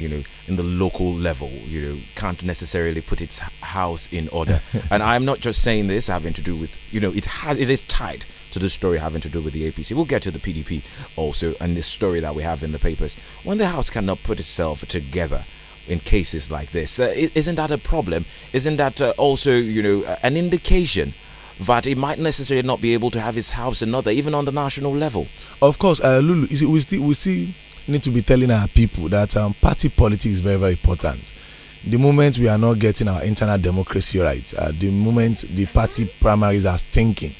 you know, in the local level, you know, can't necessarily put its house in order. and I'm not just saying this having to do with, you know, it has it is tied to the story having to do with the APC. We'll get to the PDP also and this story that we have in the papers. When the house cannot put itself together in cases like this, uh, isn't that a problem? Isn't that uh, also, you know, uh, an indication? that it might necessarily not be able to have its house another, even on the national level. Of course, uh, Lulu, is it, we still we still need to be telling our people that um, party politics is very, very important. The moment we are not getting our internal democracy right, uh, the moment the party primaries are stinking,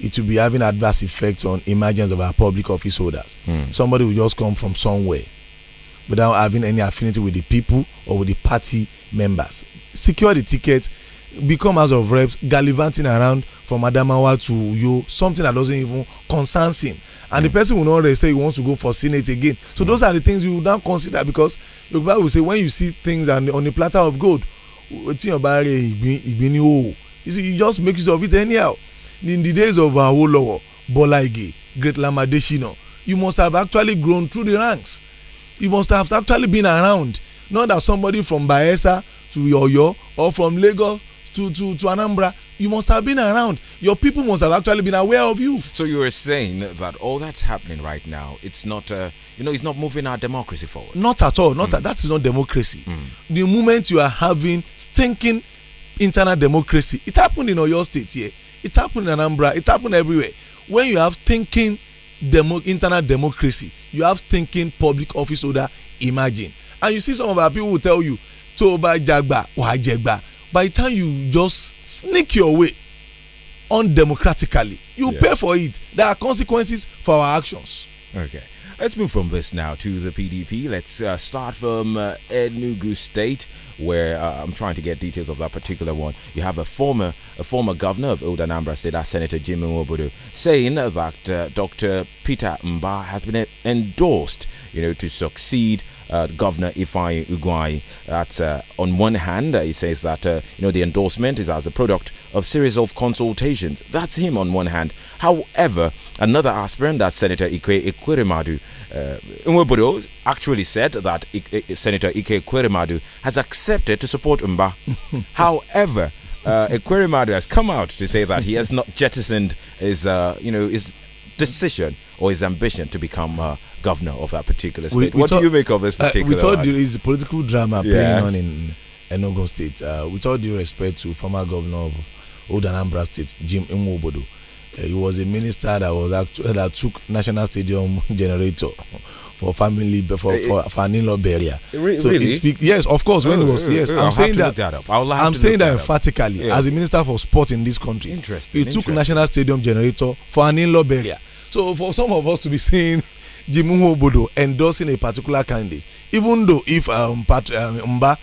it will be having adverse effects on emergence of our public office holders. Mm. Somebody will just come from somewhere without having any affinity with the people or with the party members. Secure the ticket, become as of Reps, gallivanting around from Adamawa to you something that doesn't even concern him. and the person will not rest say he wants to go for senate again so those are the things you now consider because yoruba will say when you see things and on a platter of gold tiyan ba re igbin igbin ni o you just make use of it anyhow in the days of awolowo bola ige great lama adesina you must have actually grown through the ranks you must have actually been around not that somebody from bayelsa to oyo or from lagos to to to anambra you must have been around. Your people must have actually been aware of you. So you were saying that all that's happening right now, it's not, uh, you know, it's not moving our democracy forward. Not at all. Not mm. that is not democracy. Mm. The moment you are having stinking internal democracy, it happened in your State here. It happened in Anambra. It happened everywhere. When you have stinking demo, internal democracy, you have stinking public office order. Imagine, and you see some of our people will tell you, "Toba jagba, Jagba?" by the time you just sneak your way undemocratically you yeah. pay for it there are consequences for our actions okay Let's move from this now to the PDP. Let's uh, start from uh, Enugu State, where uh, I'm trying to get details of that particular one. You have a former a former governor of Old Anambra State, that Senator Jimmy Obodo, saying that uh, Dr. Peter Mba has been endorsed, you know, to succeed uh, Governor Ifai Uguay. That uh, on one hand, uh, he says that uh, you know the endorsement is as a product of series of consultations. That's him on one hand. However, another aspirant, that Senator Ikwe Ekweremadu, uh, actually said that I I Senator Ike Ekweremadu has accepted to support Umba. However, uh, Ekweremadu has come out to say that he has not jettisoned his, uh, you know, his decision or his ambition to become uh, governor of that particular state. We, what do you make of this particular? Uh, we told you it's political drama yes. playing on in Enugu State. Uh, with all due respect to former governor of Old Anambra State, Jim Imwobodo, uh, he was a minister that was actually uh, that took National Stadium generator for family uh, for eh, eh. for, for an in-law burial. Really? So it speak, yes, of course. When oh, it was yes, I'll I'm saying that, that I'm saying that, that emphatically yeah. as a minister for sport in this country. Interesting. He took National Stadium generator for an in-law burial. So for some of us to be seeing Jimu Obodo endorsing a particular candidate, even though if um, Pat, um, Mba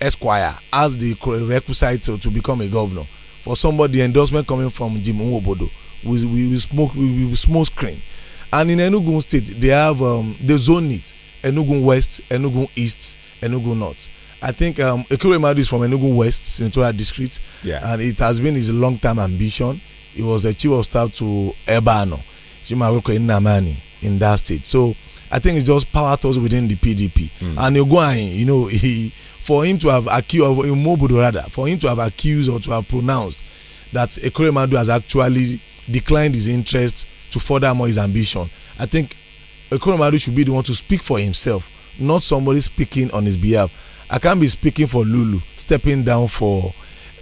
Esquire has the requisite to, to, become a governor, for somebody the endorsement coming from Jimu Obodo, we, we, we smoke we, we smoke screen. And in Enugu State, they have um, zone it Enugu West, Enugu East, Enugu North. I think um, Ekure is from Enugu West, Senatorial District, yeah. and it has been his long-time ambition. He was the chief of staff to Ebano Chima Aweko in Namani in that state. So I think it's just power tools within the PDP. Mm. And Oguain, you know, he, for him to have accused, or rather, for him to have accused or to have pronounced that Ekoremadu has actually declined his interest to further more his ambition. I think Ekoremadu should be the one to speak for himself, not somebody speaking on his behalf. I can't be speaking for Lulu, stepping down for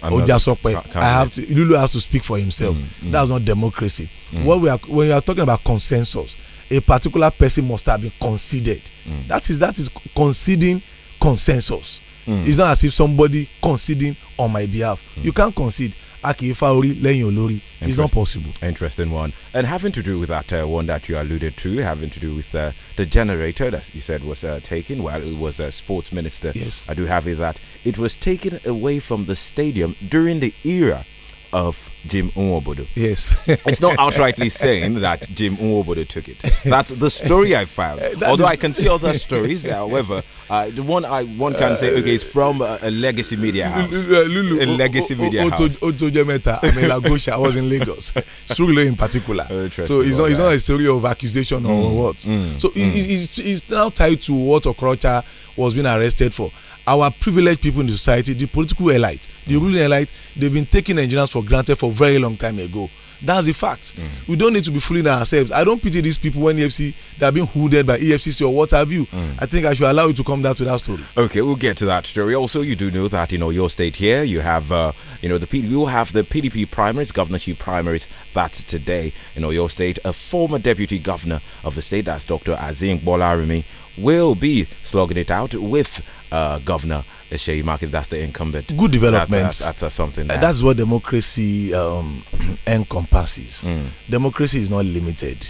Ojasope, I have to Lulu has to speak for himself. Mm, mm. That's not democracy. Mm. What we are when you are talking about consensus, a particular person must have been conceded. Mm. That is that is conceding consensus. It's not as if somebody conceding on my behalf. You can't concede orí lẹ́yìn olórí it's not possible. interesting one and having to do with that uh, one that you alluded to having to do with uh, the generator that you said was uh, taken while well, it was a sports minister yes I do have it that it was taken away from the stadium during the era of Jim Uwobodo. Yes. it's not outrightly saying that Jim Uwobodo took it. That's the story I found. Although I can see other stories, however, uh, the one I one can say okay is from a, a legacy media house. Lulu, a legacy media house. Otojemeta, Amelagosha, I was in Lagos. Suglo in particular. So it's not it's not a story of accusation or mm, what. Mm, so mm. it's, now tied to what Okrocha was being arrested for our privileged people in the society the political elite the mm. ruling elite they've been taking nigerians for granted for very long time ago that's the fact mm. we don't need to be fooling ourselves i don't pity these people when efc they are being hooded by efcc or what have you mm. i think i should allow you to come down to that story okay we'll get to that story also you do know that you know your state here you have uh, you know the P you have the pdp primaries governorship primaries that's today in your state a former deputy governor of the state that's dr azim bolarimi will be slogging it out with uh, Governor Shea Market. That's the incumbent. Good development. That's, that's, that's uh, something. Uh, that that's what democracy um, encompasses. Mm. Democracy is not limited.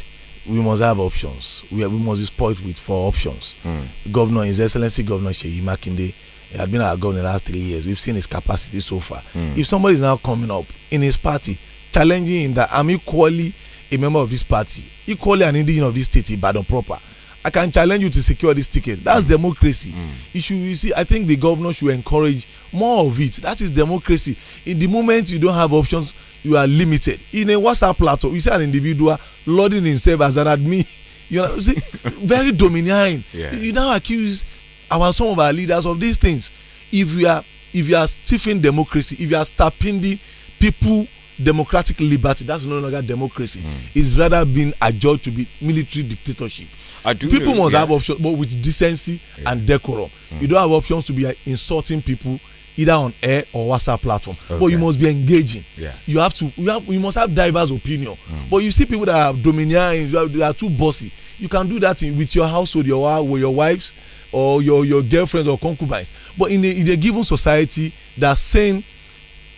We must have options. We, have, we must be spoilt with four options. Mm. Governor, His Excellency Governor Sheyi Makinde, he had been our governor the last three years. We've seen his capacity so far. Mm. If somebody is now coming up in his party, challenging him that I'm equally a member of this party, equally an indigenous of this state, not proper, I can challenge you to secure this ticket. That's mm. democracy. Mm. You should you see, I think the governor should encourage more of it. That is democracy. In the moment you don't have options, you are limited. In a WhatsApp platform, you see an individual loading himself as an admin. You know, see, very domineering. Yeah. You now accuse our some of our leaders of these things. If you are if you are stiffing democracy, if you are stopping the people democratic liberty, that's no longer democracy. Mm. It's rather being adjudged to be military dictatorship. I do. People know, must have options, but with decency yeah. and decorum. Mm. You don't have options to be uh, insulting people either on air or WhatsApp platform. Okay. But you must be engaging. Yes. You have to. You have. You must have diverse opinion. Mm. But you see people that are domineering, they are too bossy. You can do that in, with your household, your with your wives, or your your girlfriends or concubines. But in a, in a given society, that same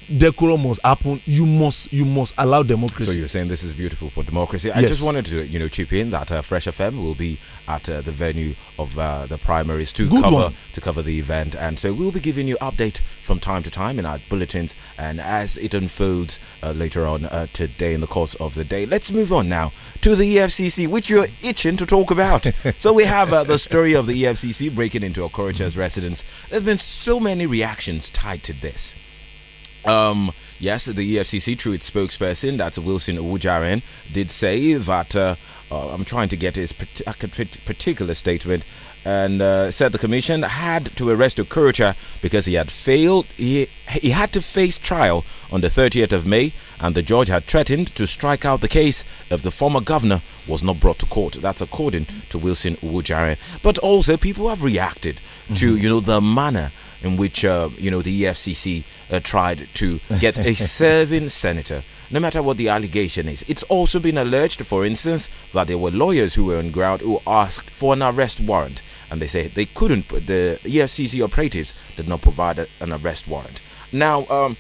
decorum must happen. You must you must allow democracy. So you're saying this is beautiful for democracy. I just wanted to you know chip in that uh, Fresh FM will be at uh, the venue of uh, the primaries to Good cover one. to cover the event, and so we'll be giving you update from time to time in our bulletins and as it unfolds uh, later on uh, today in the course of the day. Let's move on now to the EFCC, which you're itching to talk about. so we have uh, the story of the EFCC breaking into Okorocha's mm -hmm. residence. There's been so many reactions tied to this. Um, yes, the EFCC, through its spokesperson, that's Wilson Ujaren, did say that uh, uh, I'm trying to get his uh, particular statement and uh, said the commission had to arrest Okuricha because he had failed. He, he had to face trial on the 30th of May, and the judge had threatened to strike out the case if the former governor was not brought to court. That's according to Wilson Ujaren. But also, people have reacted mm-hmm. to you know the manner in which uh, you know the EFCC uh, tried to get a serving senator. No matter what the allegation is, it's also been alleged, for instance, that there were lawyers who were on ground who asked for an arrest warrant, and they say they couldn't. The EFCC operatives did not provide a, an arrest warrant. Now, um,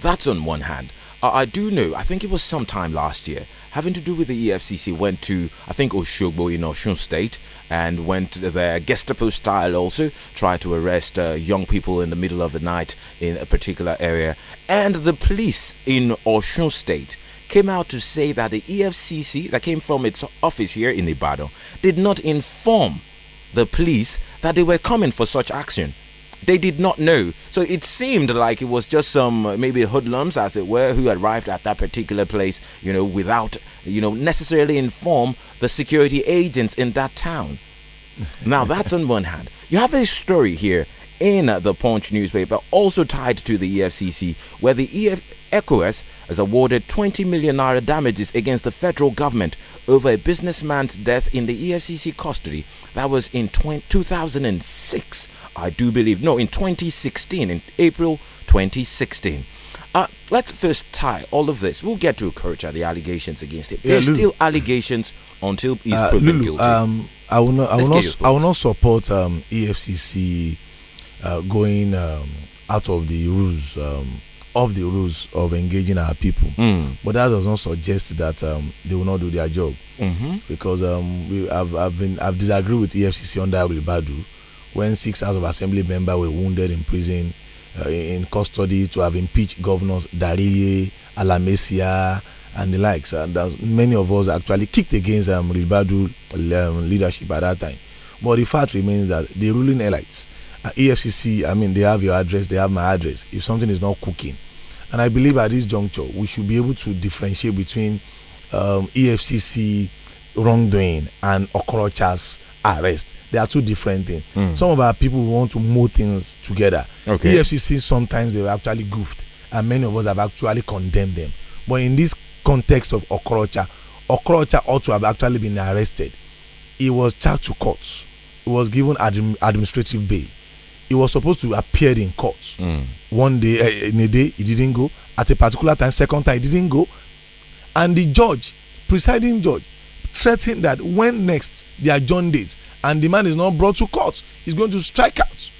that's on one hand. I do know, I think it was sometime last year, having to do with the EFCC went to, I think, Oshogbo in Oshun State and went there Gestapo style also, tried to arrest uh, young people in the middle of the night in a particular area. And the police in Oshun State came out to say that the EFCC, that came from its office here in Ibadan, did not inform the police that they were coming for such action. They did not know. So it seemed like it was just some maybe hoodlums, as it were, who arrived at that particular place, you know, without, you know, necessarily inform the security agents in that town. now, that's on one hand. You have a story here in the Punch newspaper, also tied to the EFCC, where the EF- has awarded 20 million naira damages against the federal government over a businessman's death in the EFCC custody. That was in 2006. I do believe. No, in 2016, in April 2016. Uh, let's first tie all of this. We'll get to Okocha, the allegations against him. There's yeah, still allegations until he's uh, proven Lulu, guilty. Um, I will not. I will not, I will not support um, EFCC uh, going um, out of the rules um, of the rules of engaging our people. Mm. But that does not suggest that um, they will not do their job, mm -hmm. because um, we, I've, I've, been I've disagreed with EFCC under Abdul Badu when six House of Assembly members were wounded in prison, uh, in custody to have impeached governors Dariye, Alamesia, and the likes. And uh, many of us actually kicked against um, Ribadu um, leadership at that time. But the fact remains that the ruling elites, uh, EFCC, I mean, they have your address, they have my address. If something is not cooking, and I believe at this juncture, we should be able to differentiate between um, EFCC wrongdoing and Okorocha's arrest. They are two different things. Mm. Some of our people want to move things together. Okay. EFCC sometimes they've actually goofed, and many of us have actually condemned them. But in this context of Okorocha, Okorocha ought to have actually been arrested. He was charged to court. He was given administrative bail. He was supposed to appear in court. Mm. One day, uh, in a day, he didn't go. At a particular time, second time, he didn't go. And the judge, presiding judge, threatening that when next they adjourn date and the man is not brought to court he's going to strike out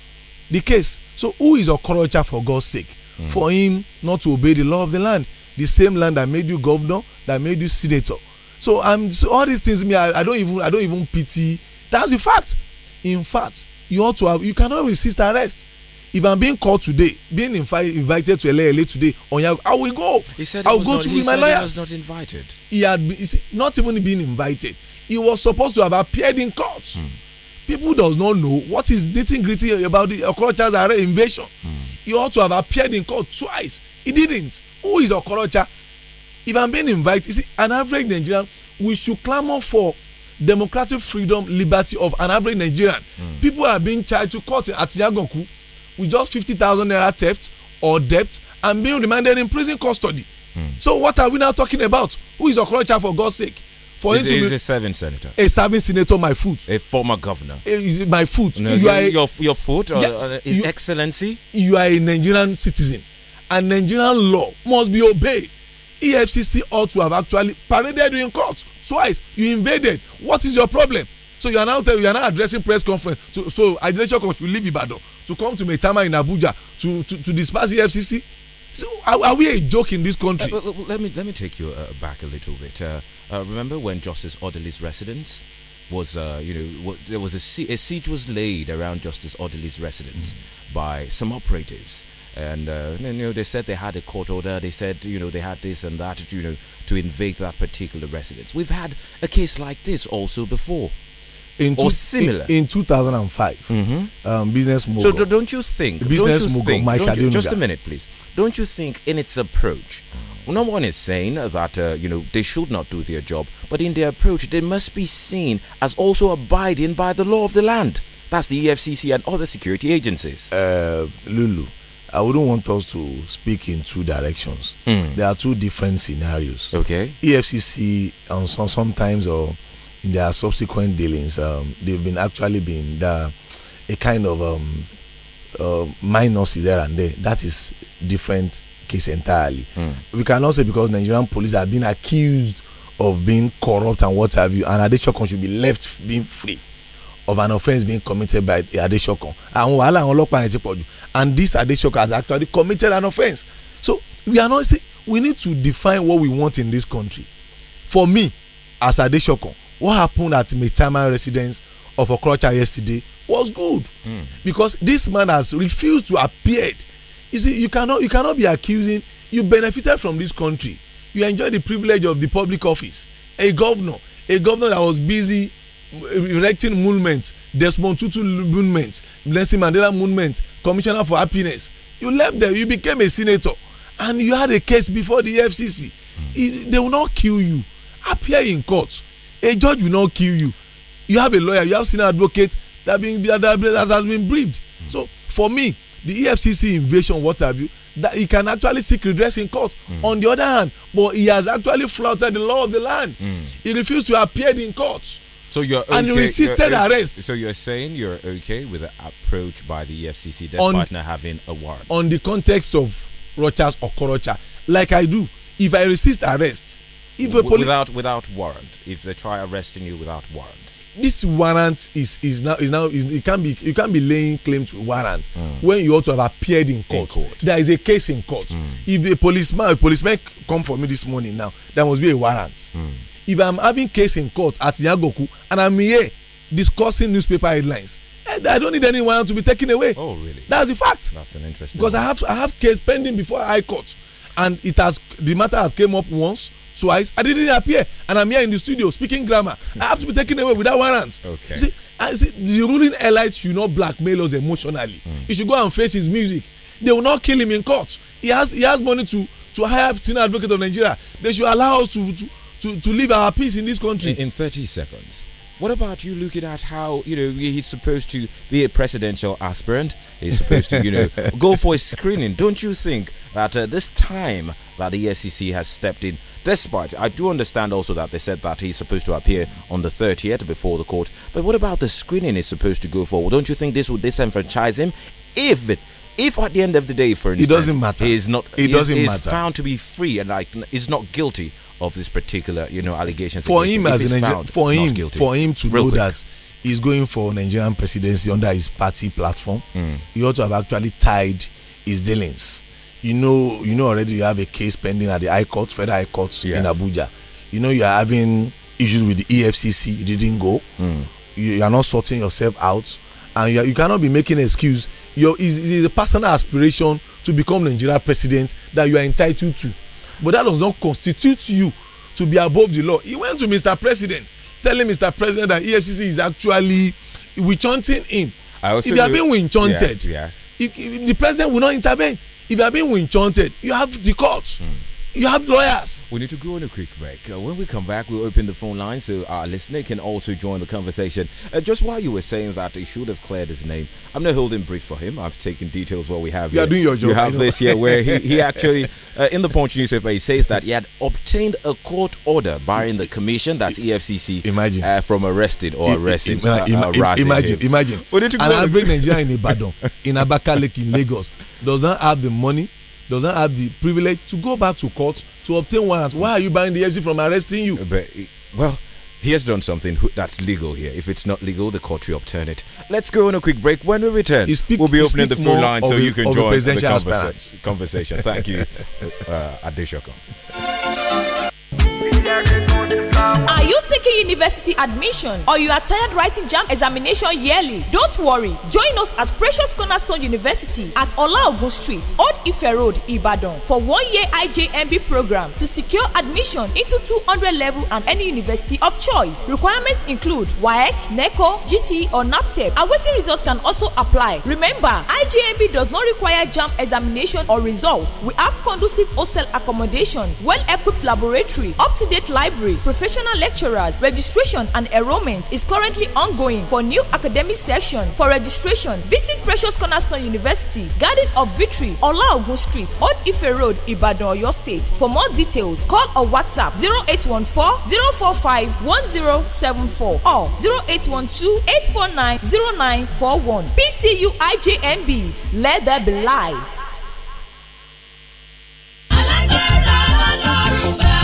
the case so who is okorocha for god's sake mm. for him not to obey the law of the land the same land that made you governor that made you senator so i'm so all these things me I, I, don't even i don't even pity that's the fact in fact you ought to have you cannot resist arrest if I'm being called today, being invi invited to LALA today, Onyago, I will go. He said I will go not, to with my lawyers. He was not invited. He had been, not even been invited. He was supposed to have appeared in court. Mm. People does not know what is nitty gritty about the Okorocha's array invasion. Mm. He ought to have appeared in court twice. He didn't. Who is Okorocha? If I'm being invited, see, an average Nigerian, we should clamor for democratic freedom, liberty of an average Nigerian. Mm. People are being charged to court at Yagoku with just fifty thousand naira theft or debt and being remanded in prison custody. Mm. So what are we now talking about? Who is Okorocha for God's sake? For he's, him to be a serving senator. A serving senator, my foot. A former governor. A, my foot. No, you are a, your your foot or yes, His you, Excellency. You are a Nigerian citizen, and Nigerian law must be obeyed. EFCC ought to have actually paraded you in court twice. You invaded. What is your problem? So you are now you are now addressing press conference. To, so you, you leave Ibadan to come to Metama in Abuja to to, to disperse the FCC? So are, are, we a joke in this country? Uh, uh, uh, let me let me take you uh, back a little bit. Uh, uh remember when Justice Orderly's residence was, you know, was, there was a, a, siege was laid around Justice Orderly's residence mm. by some operatives, and you know they said they had a court order. They said you know they had this and that, you know, to invade that particular residence. We've had a case like this also before in two, or similar in, in 2005 mm -hmm. um, business mogul. So don't you think business you mogul think, Mike you, Just a minute, please. Don't you think in its approach? no one is saying that uh, you know they should not do their job, but in their approach, they must be seen as also abiding by the law of the land. That's the EFCC and other security agencies. Uh, Lulu, I wouldn't want us to speak in two directions. Mm. There are two different scenarios. Okay. EFCC and sometimes or in their subsequent dealings, um, they've been actually been the, a kind of um, uh, minuses here and there. That is different case entirely. Mm. We cannot say because Nigerian police have been accused of being corrupt and what have you, and Adeshokon should be left being free of an offence being committed by Adeshokon. Àwọn wàhálà and this Adeshokon has actually committed an offence. So we are not saying we need to define what we want in this country. For me, as Adeshokon, what happened at Metama residence of Okrocha yesterday was good mm. because this man has refused to appear. You see, you cannot you cannot be accusing. You benefited from this country. You enjoy the privilege of the public office. A governor, a governor that was busy erecting monuments, Desmond Tutu monuments, Nelson Mandela movements, Commissioner for Happiness. You left there. You became a senator, and you had a case before the FCC. Mm. It, they will not kill you. Appear in court a judge will not kill you you have a lawyer you have senior advocate that been that, that, that has been briefed mm. so for me the efcc invasion what have you that he can actually seek redress in court mm. on the other hand but he has actually flouted the law of the land mm. he refused to appear in court so you're okay, and resisted you're, arrest. So you're saying you're okay with the approach by the EFCC despite on, not having a warrant. On the context of Rochas or Korocha, like I do, if I resist arrest, if a poli- without without warrant, if they try arresting you without warrant, this warrant is is now is now is, it can be you can be laying claim to warrant mm. when you ought to have appeared in court. In court. There is a case in court. Mm. If a policeman a policeman come for me this morning now, there must be a warrant. Mm. If I'm having case in court at Yagoku and I'm here discussing newspaper headlines, eh, I don't need anyone to be taken away. Oh, really? That's the fact. That's an interesting. Because one. I have I have case pending before High Court, and it has the matter has came up once twice. I didn't appear, and I'm here in the studio speaking grammar. I have to be taken away without warrants. Okay. see, I see the ruling elite should not blackmail us emotionally. Mm. He should go and face his music. They will not kill him in court. He has he has money to to hire senior advocate of Nigeria. They should allow us to to, to, to live our peace in this country. In, in 30 seconds. What about you looking at how, you know, he's supposed to be a presidential aspirant? He's supposed to, you know, go for a screening. Don't you think that uh, this time that the SEC has stepped in, despite, I do understand also that they said that he's supposed to appear on the 30th before the court, but what about the screening he's supposed to go for? Don't you think this would disenfranchise him if if at the end of the day, for instance, it doesn't matter, he is not, it doesn't matter. found to be free and like is not guilty of this particular, you know, allegations. For him, as for him, guilty. for him to Real know quick. that he's going for Nigerian presidency under his party platform, mm. he ought to have actually tied his dealings. You know, you know already you have a case pending at the High Court, Federal High Court yes. in Abuja. You know you are having issues with the EFCC. You didn't go. Mm. You, you, are not sorting yourself out, and you, are, you cannot be making an excuse. Your is a personal aspiration to become Nigeria president that you are entitled to but that does not constitute you to be above the law. He went to Mr. President, telling Mr. President that EFCC is actually witch-hunting him. if you are being witch-hunted, yes, yes. the president will not intervene. If you are being witch-hunted, you have the court. Mm. You have lawyers. We need to go on a quick break. Uh, when we come back, we'll open the phone line so our listener can also join the conversation. Uh, just while you were saying that, he should have cleared his name. I'm not holding brief for him. I'm taking details what we have. You're doing your job. You have this here where he, he actually, uh, in the Punch newspaper, he says that he had obtained a court order barring the commission, that's EFCC, imagine. Uh, from arresting or I, arresting. I, uh, uh, imagine, imagine, imagine. We need to go and I bring Nigeria in Ibadan, in Abakaliki, in Lagos, does not have the money does not have the privilege to go back to court to obtain warrants. Why are you buying the F.C. from arresting you? But, eh, well, he has done something that's legal here. If it's not legal, the court will overturn it. Let's go on a quick break. When we return, speak, we'll be opening the phone line so you can join the, the conversa conversation. Thank you, uh, Adeshoko. university admission or you are tired writing JAMB examination yearly, don't worry. Join us at Precious Cornerstone University at Olaogun Street, Old Ife Road, Ibadan for one-year IJMB program to secure admission into 200 level and any university of choice. Requirements include WAEC, NECO, GCE, or NAPTEP. Awaiting results can also apply. Remember, IJMB does not require JAMB examination or results. We have conducive hostel accommodation, well-equipped laboratory, up-to-date library, professional lecturers, Registration and enrollment is currently ongoing for new academic session. For registration, visit Precious Cornerstone University, Garden of Victory, Olaogun Street, Old Ife Road, Ibadan, Oyo State. For more details, call or WhatsApp 0814-045-1074 or 0812-849-0941. PCU IJMB, let there be light. alágbára ọlọ́run bàbá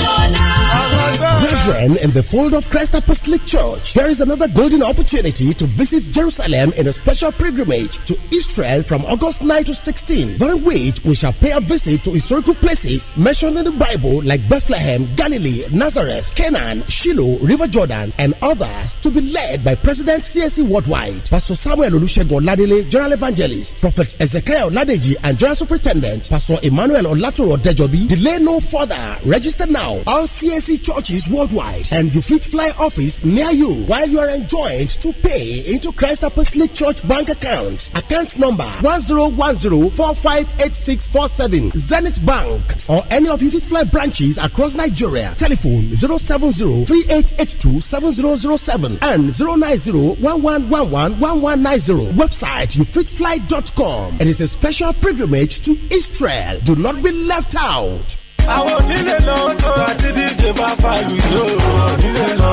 lọ́la. Brethren, in the fold of Christ Apostolic Church, here is another golden opportunity to visit Jerusalem in a special pilgrimage to Israel from August 9 to 16, during which we shall pay a visit to historical places mentioned in the Bible like Bethlehem, Galilee, Nazareth, Canaan, Shiloh, River Jordan, and others to be led by President CSE Worldwide, Pastor Samuel Olusegun General Evangelist, Prophet Ezekiel Ladeji, and General Superintendent, Pastor Emmanuel Olatoro Dejobi. Delay no further. Register now. All CSC Church churches worldwide and you fit fly office near you while you are enjoined to pay into Christ Apostolic Church bank account. Account number 1010458647 Zenith Bank or any of you fit fly branches across Nigeria. Telephone 07038827007 and 09011111190. Website youfitfly.com. It is a special pilgrimage to Israel. Do not be left out. àwọn onílé lọ tó àti díje bá fa lùjọ onílé lọ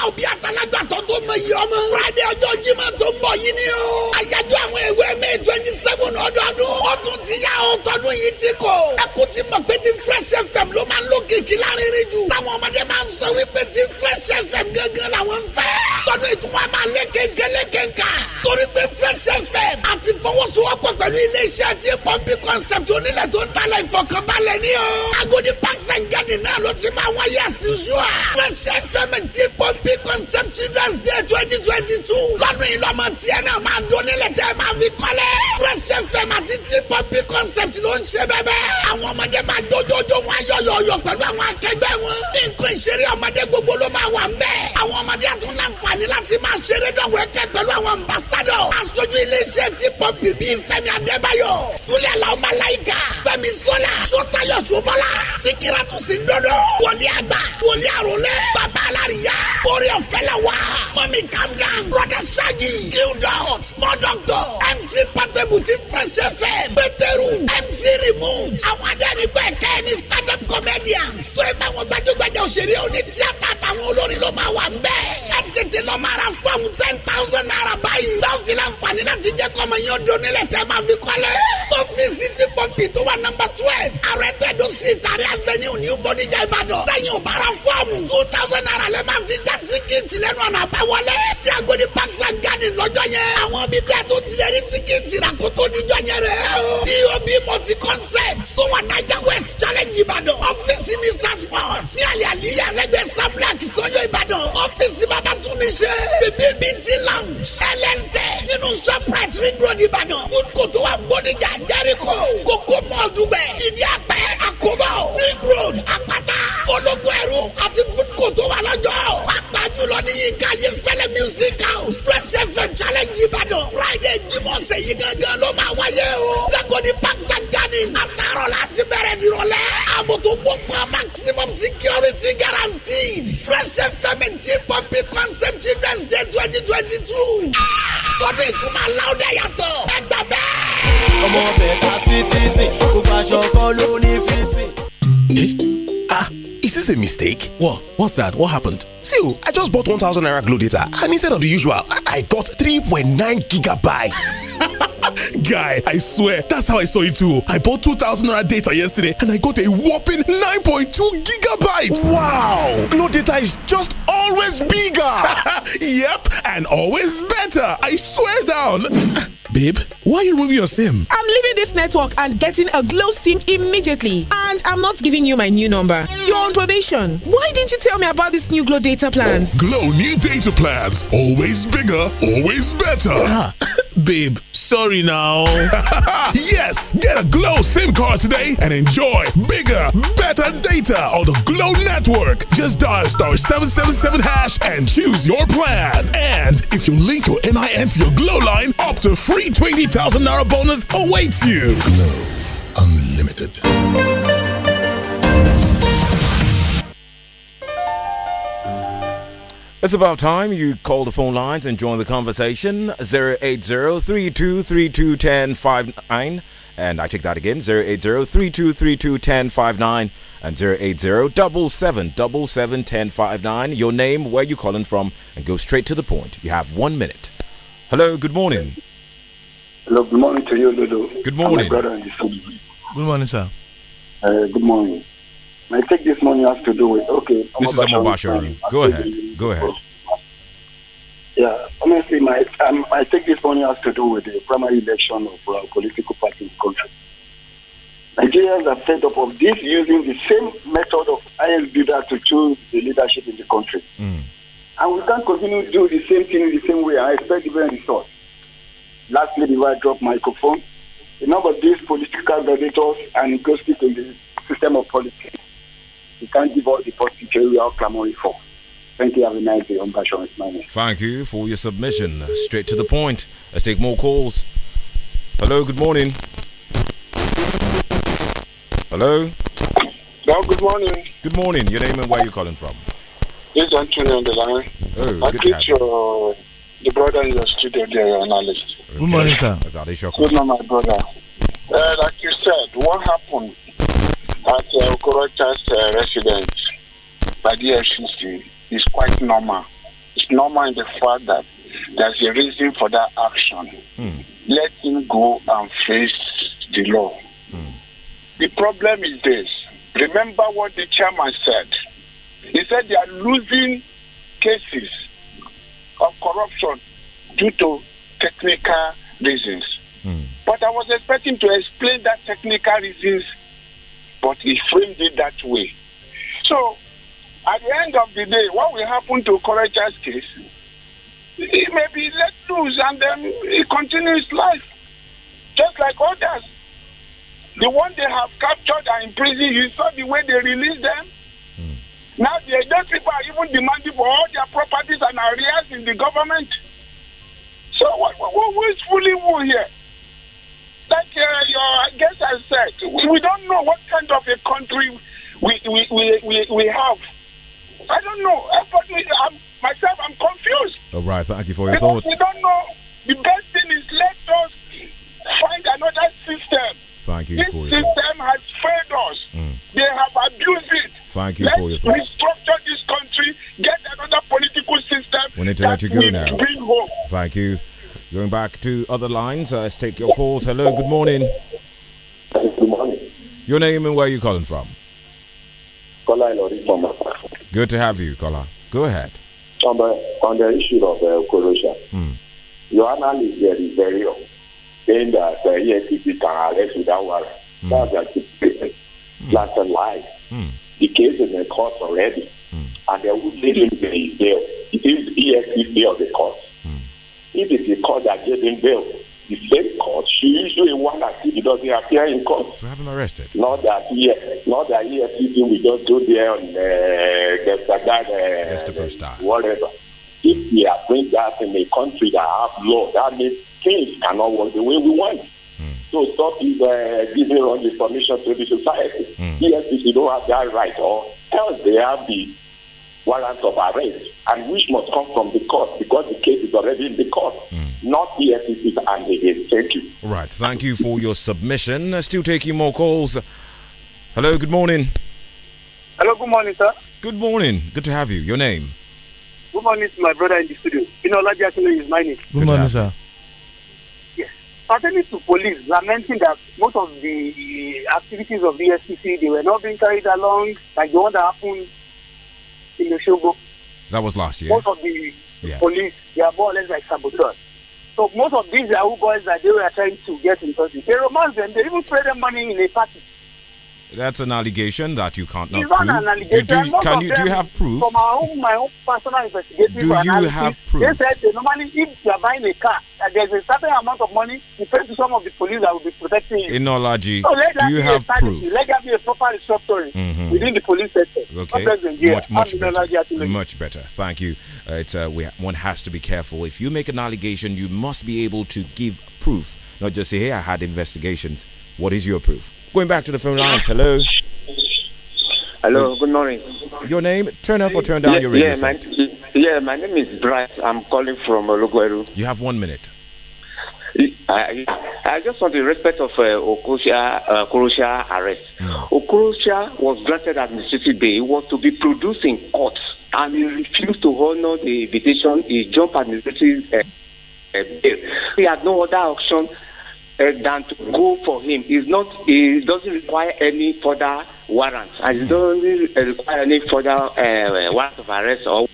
babaláwo bí àtàlágbà tó tó mọ iye ọmọ. friday ọjọ́ jimá tó ń bọ̀ yìí ni o. àyájọ́ àwọn ìwé may twenty seven ọdọọdún. ó tún ti yá o tọdún yìí ti kò. ẹ ti mọ̀ pé ti fresh fm ló máa ń lo kìkì lárinrin jù. táwọn ọmọdé máa ń sọ wípé ti fresh fm gángan làwọn fẹ́. tọdún ìtumọ̀ máa lé kéńké lé kéńká. torí pé fresh fm àti fọwọ́sowọ́pọ̀ pẹ̀lú iléeṣẹ́ ti pọ́ǹpì concept happy conception children's day twenty twenty two lọ́dún yìí lọ́mọ tiẹ̀ náà máa dún nílẹ̀ tẹ́ máa fi kọ́lé. fresh fm àti t-pop concept ló ń ṣe bẹ́ẹ̀ bẹ́ẹ̀. àwọn ọmọdé máa jójójó wọn ayọ̀yọ̀yọ̀ pẹ̀lú àwọn akẹgbẹ́ wọn. ní nǹkan ìṣeré ọmọdé gbogbo ló máa wà ń bẹ́ẹ̀. àwọn ọmọdé àtún láǹfààní láti máa ṣeré dọ̀wẹ́kẹ́ pẹ̀lú àwọn ambassadọ̀. aṣojú iléeṣẹ́ t-pop bíi fẹ́mi adébáyọ̀ súlẹ̀ làwọn malayika fẹ́mi sọ́lá sọ́tayọ̀ sọ́bọ́lá síkírà tùsí ń dọ́dọ̀ wòlíì àgbà wòlíì àròlé bàbá alárìíyá ó orí ọ̀fẹ́ la wá. mọ̀mí calm down. broda sagi. gildot small doctor. mc patebuti fresh fm. peteru mc remote. àwọn adẹ́nigbẹ́ kẹ́ ni stand up comedian. sọ ẹ bá wọn gbajúgbajà òṣèré oní tíátà àtàwọn olórin ló máa wà ń bẹ́ẹ̀. ẹ tètè lọ máa ra fọ́ọ̀mù ten thousand naira báyìí. láwùjọ láǹfààní láti jẹ́ kọ́mọ yín ọdún nílẹ̀ tẹ́ máa fi kọ́lẹ̀. ọ́fíìsì ti pọ́ǹpì tó wà nọ́mbà twelve. ààrẹ tẹ̀dọ̀ sí ìtàrí avenue new body jẹ́ ìbàdàn. sẹ́yìn ò bára fọ́ọ̀mù two thousand naira lẹ́ máa fi jáde tíkìtì lẹ́nu ọ̀nà àbáwọlé sí Agodi parks and garden lọ́jọ́ yẹn. àwọn bíi bí a tó ti lè rí tíkìtì rà kó tó níjọ́ yẹn rẹ̀ o. dob multi concept sowa naija west challenge Ìbàdàn ọ́fíìsì Mr Sports ní àlẹ́ àlíyà rẹ́gbẹ́ sablak sọ́yọ́ Ìbàdàn ọ́fíìsì babatunmi ṣe bbbt lounge lnt nínú shoprite ring road Ìbàdàn food court wa ń Bódìjà Jẹ́ríkò kókó mall Dùgbẹ̀ ìdí àpẹ́ àkóbọ̀ ring road àpáta ológun ẹ̀rú àti food court wa lọ́jọ́ àpá pàápàá jùlọ ní yínká yín fẹlẹ music house fresh fm challenge ìbàdàn friday jimoh ṣe yí gangan ló máa wáyé o lagodi parks and garden àtàrọ̀ láti bẹ̀rẹ̀ nírọ̀lẹ́ àbùtò gbọ̀ngbọ̀n maximum security guarantee. fresh fm ti pọ́ǹpì concept children's day twenty twenty two ah! tọ́dún ìtumọ̀ aláwọ̀dẹ yàtọ̀ ẹgbà bẹ́ẹ̀. ọmọ bẹ̀ka citizen kò fàṣọ kọ́ ló ní fìtì. a mistake? What? What's that? What happened? See, oh, I just bought 1000 Naira Glow data and instead of the usual, I got 3.9 gigabytes. Guy, I swear, that's how I saw it too. I bought 2000 Naira data yesterday and I got a whopping 9.2 gigabytes. Wow! Glow data is just always bigger. yep, and always better. I swear down. Babe, why are you removing your SIM? I'm leaving this network and getting a Glow SIM immediately. And I'm not giving you my new number. You're on probation. Why didn't you tell me about this new Glow data plans? Glow new data plans. Always bigger, always better. Ah, babe now. yes, get a Glow SIM card today and enjoy bigger, better data on the Glow network. Just dial star 777 hash and choose your plan. And if you link your NIN to your Glow line, up to free 20,000 Naira bonus awaits you. Glow Unlimited. It's about time you call the phone lines and join the conversation. 080-3232-1059. And I take that again. 080-3232-1059 and 080-777-1059. Your name, where you calling from, and go straight to the point. You have one minute. Hello, good morning. Hello, good morning to you, Ludo. Good morning. Good morning, sir. Uh, good morning. I take this money has to do with okay. I'm this is Amobashari. Go ahead. Go ahead. Yeah, honestly, my um, I take this money has to do with the primary election of our uh, political party in the country. Nigerians are fed up of this using the same method of IS builder to choose the leadership in the country. Mm. And we can't continue to do the same thing in the same way. I expect different results. Lastly, before I drop microphone, number of these political gladiators and gossip in the system of politics we can't give all the positive we are clamoring for. Thank you. Have a nice day. On Passion is my name. Thank you for your submission. Straight to the point. Let's take more calls. Hello. Good morning. Hello. Well, good morning. Good morning. Your name and where you calling from? This is Anthony on the line. Oh, I greet your the brother in your studio the analyst. Good morning, sir. Good morning, my brother. Uh, like you said, what happened at uh, Okorocha's uh, residence by the FCC is quite normal. It's normal in the fact that there's a reason for that action. Mm. Let him go and face the law. Mm. The problem is this. Remember what the chairman said. He said they are losing cases of corruption due to technical reasons. Mm. But I was expecting to explain that technical reasons but he framed it that way. So, at the end of the day, what will happen to Korecha's case? He may be let loose and then he continues life, just like others. The one they have captured are in prison. You saw the way they released them. Hmm. Now the those people are even demanding for all their properties and arrears in the government. So what, what, who is fooling who here? like uh, your guest has said, we, we, don't know what kind of a country we we, we, we, we have. I don't know. I, I'm, myself, I'm confused. All right, thank you for your because thoughts. We don't know. The best thing is let us find another system. Thank you this for your system has failed us. Mm. They have abused it. Thank you Let's for your thoughts. restructure this country. Get another political system. We need to let you go now. Thank you. Going back to other lines, uh, let's take your calls. Hello, good morning. Good morning. Your name and where are you calling from? Kola from Good to have you, Kola. Go ahead. On the, on the issue of uh, corruption, hmm. your analysis there is very wrong, saying that the uh, can arrest without warrant. Hmm. That's a hmm. a lie. Hmm. The case is in court already, hmm. and they will be in the his It is EFCC of the court if it's a court that gave him bail, the same court should issue a warrant if he doesn't appear in court. To have him arrested. Not that he, not that EFCC will just go there on uh, the the uh, whatever. If we are doing that in a country that have law, that means things cannot work the way we want. Mm. So stop is, uh, giving wrong information to the society. Mm. you don't have that right, or else they have the warrant of arrest. And which must come from the court because the case is already in the court, mm. not the FCC and again. Thank you. Right. Thank you for your submission. i still taking more calls. Hello, good morning. Hello, good morning, sir. Good morning. Good to have you. Your name? Good morning to my brother in the studio. You know, Ladi is my name. Good, good morning, sir. Yes. Pertaining to police, lamenting that most of the activities of the SEC they were not being carried along, like the one that happened in Oshogo. That was last year. Most of the yes. police, they are more or less like saboteurs. So most of these Yahoo boys that they were trying to get in touch with, they romance them, they even spread them money in a party. That's an allegation that you can't now prove. An allegation. Do, do, can you, do you have proof? From our own, my own personal investigation. Do you analysis, have proof? They said normally if you are buying a car, there's a certain amount of money you pay to some of the police that will be protecting you. In Olaji, so do you have proof? Let there be a proper restructuring mm-hmm. within the police sector. Okay, much, much better. Much better. Thank you. Uh, it's, uh, we, one has to be careful. If you make an allegation, you must be able to give proof, not just say, hey, I had investigations. What is your proof? Going back to the phone lines. Hello. Hello. Good morning. Your name? Turn off or turn down yeah, your radio. Yeah, my, yeah, my name is Bryce. I'm calling from Luguero. You have one minute. I, I just want the respect of uh, uh, arrest. Mm. was granted administrative bail. He was to be produced in court, and he refused to honor the invitation. He jumped administrative uh, uh, bail. He had no other option uh, than to go for him. It's not. It doesn't require any further warrants. It doesn't require any further uh, warrant of arrest or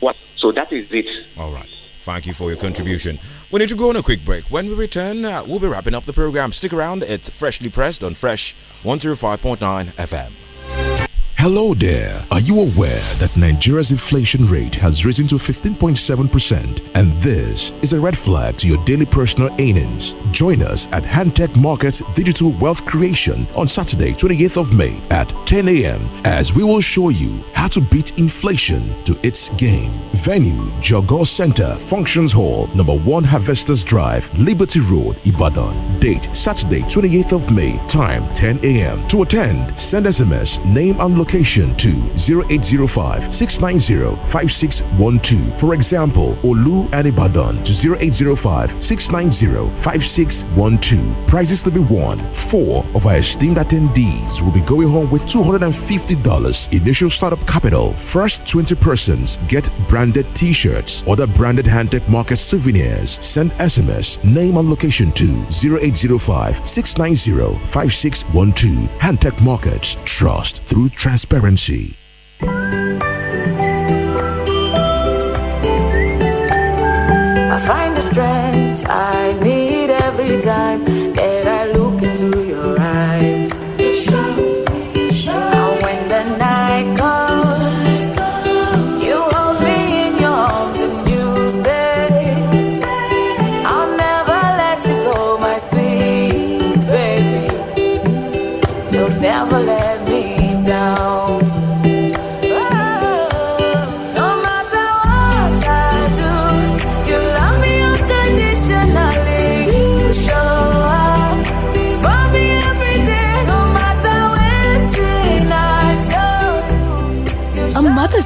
what. So that is it. All right. Thank you for your contribution. We need to go on a quick break. When we return, uh, we'll be wrapping up the program. Stick around. It's freshly pressed on Fresh 105.9 FM. Hello there. Are you aware that Nigeria's inflation rate has risen to 15.7% and this is a red flag to your daily personal earnings? Join us at Hantech Markets Digital Wealth Creation on Saturday, 28th of May at 10 a.m. as we will show you how to beat inflation to its game. Venue Jogos Center, Functions Hall, number 1 Harvesters Drive, Liberty Road, Ibadan. Date Saturday, 28th of May, time 10 a.m. To attend, send SMS, name and location location to 0805 690 5612. For example, Olu and Ibadan to 0805 690 5612. Prizes to be won. Four of our esteemed attendees will be going home with $250 initial startup capital. First 20 persons get branded t shirts, other branded handtech market souvenirs. Send SMS, name and location to 0805 690 5612. Handtech Markets. Trust through transfer transparency. I find the strength I need every time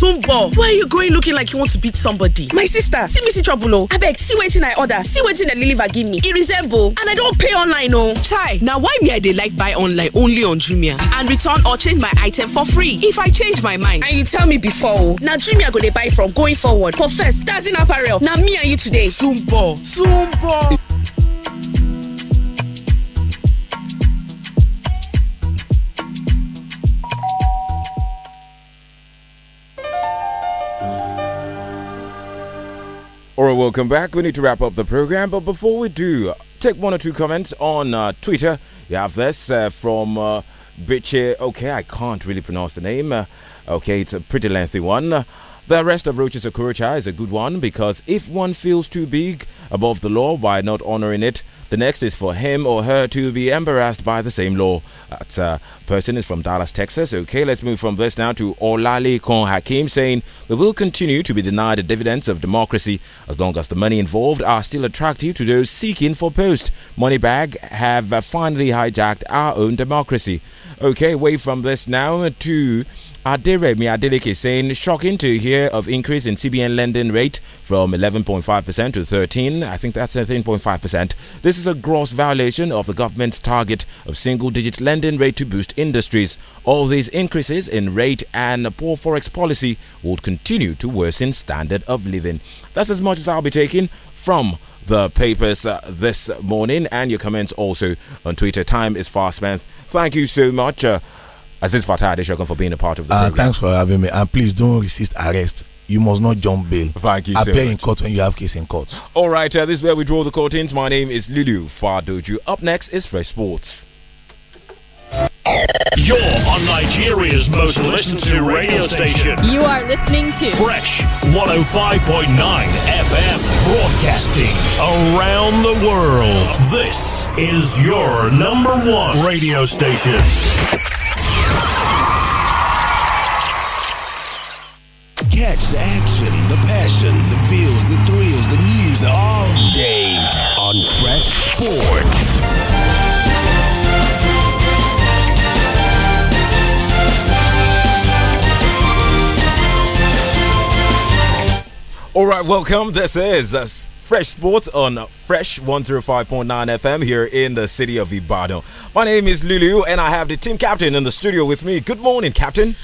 Why are you going looking like you want to beat somebody my sister see me see trouble oh. I beg, see wetin i order see wetin dem deliver give me e resemble oh. and i don't pay online oh. chai Now why me i dey like buy online only on jumia and return or change my item for free if i change my mind and you tell me before o oh. na jumia go dey buy from going forward but first dazin apparel Now me and you today sunbo sunbo. welcome back. We need to wrap up the program, but before we do, take one or two comments on uh, Twitter. You have this uh, from uh, Biche. Okay, I can't really pronounce the name. Uh, okay, it's a pretty lengthy one. The arrest of Roche Okocha is a good one because if one feels too big above the law by not honoring it, the next is for him or her to be embarrassed by the same law. That uh, person is from Dallas, Texas. Okay, let's move from this now to Olali Kon Hakim saying, We will continue to be denied the dividends of democracy as long as the money involved are still attractive to those seeking for post. Moneybag have uh, finally hijacked our own democracy. Okay, away from this now to Aderemi Adeleke saying, shocking to hear of increase in CBN lending rate from 11.5% to 13. I think that's 13.5%. This is a gross violation of the government's target of single-digit lending rate to boost industries. All these increases in rate and poor forex policy would continue to worsen standard of living. That's as much as I'll be taking from the papers uh, this morning and your comments also on Twitter. Time is fast spent. Thank you so much. Uh, Aziz Fatah Adeshokun for being a part of the uh, program. Thanks for having me. And please don't resist arrest. You must not jump bail. Thank you. Appear so in court when you have case in court. All right, uh, this is where we draw the curtains. My name is Lulu Fadoju. Up next is Fresh Sports. You're on Nigeria's most listened to radio station. You are listening to Fresh 105.9 FM broadcasting around the world. This is your number one radio station. Catch the action, the passion, the feels, the thrills, the news all day on Fresh Sports. All right, welcome. This is uh, Fresh Sports on Fresh 105.9 FM here in the city of Ibadan. My name is Lulu, and I have the team captain in the studio with me. Good morning, Captain.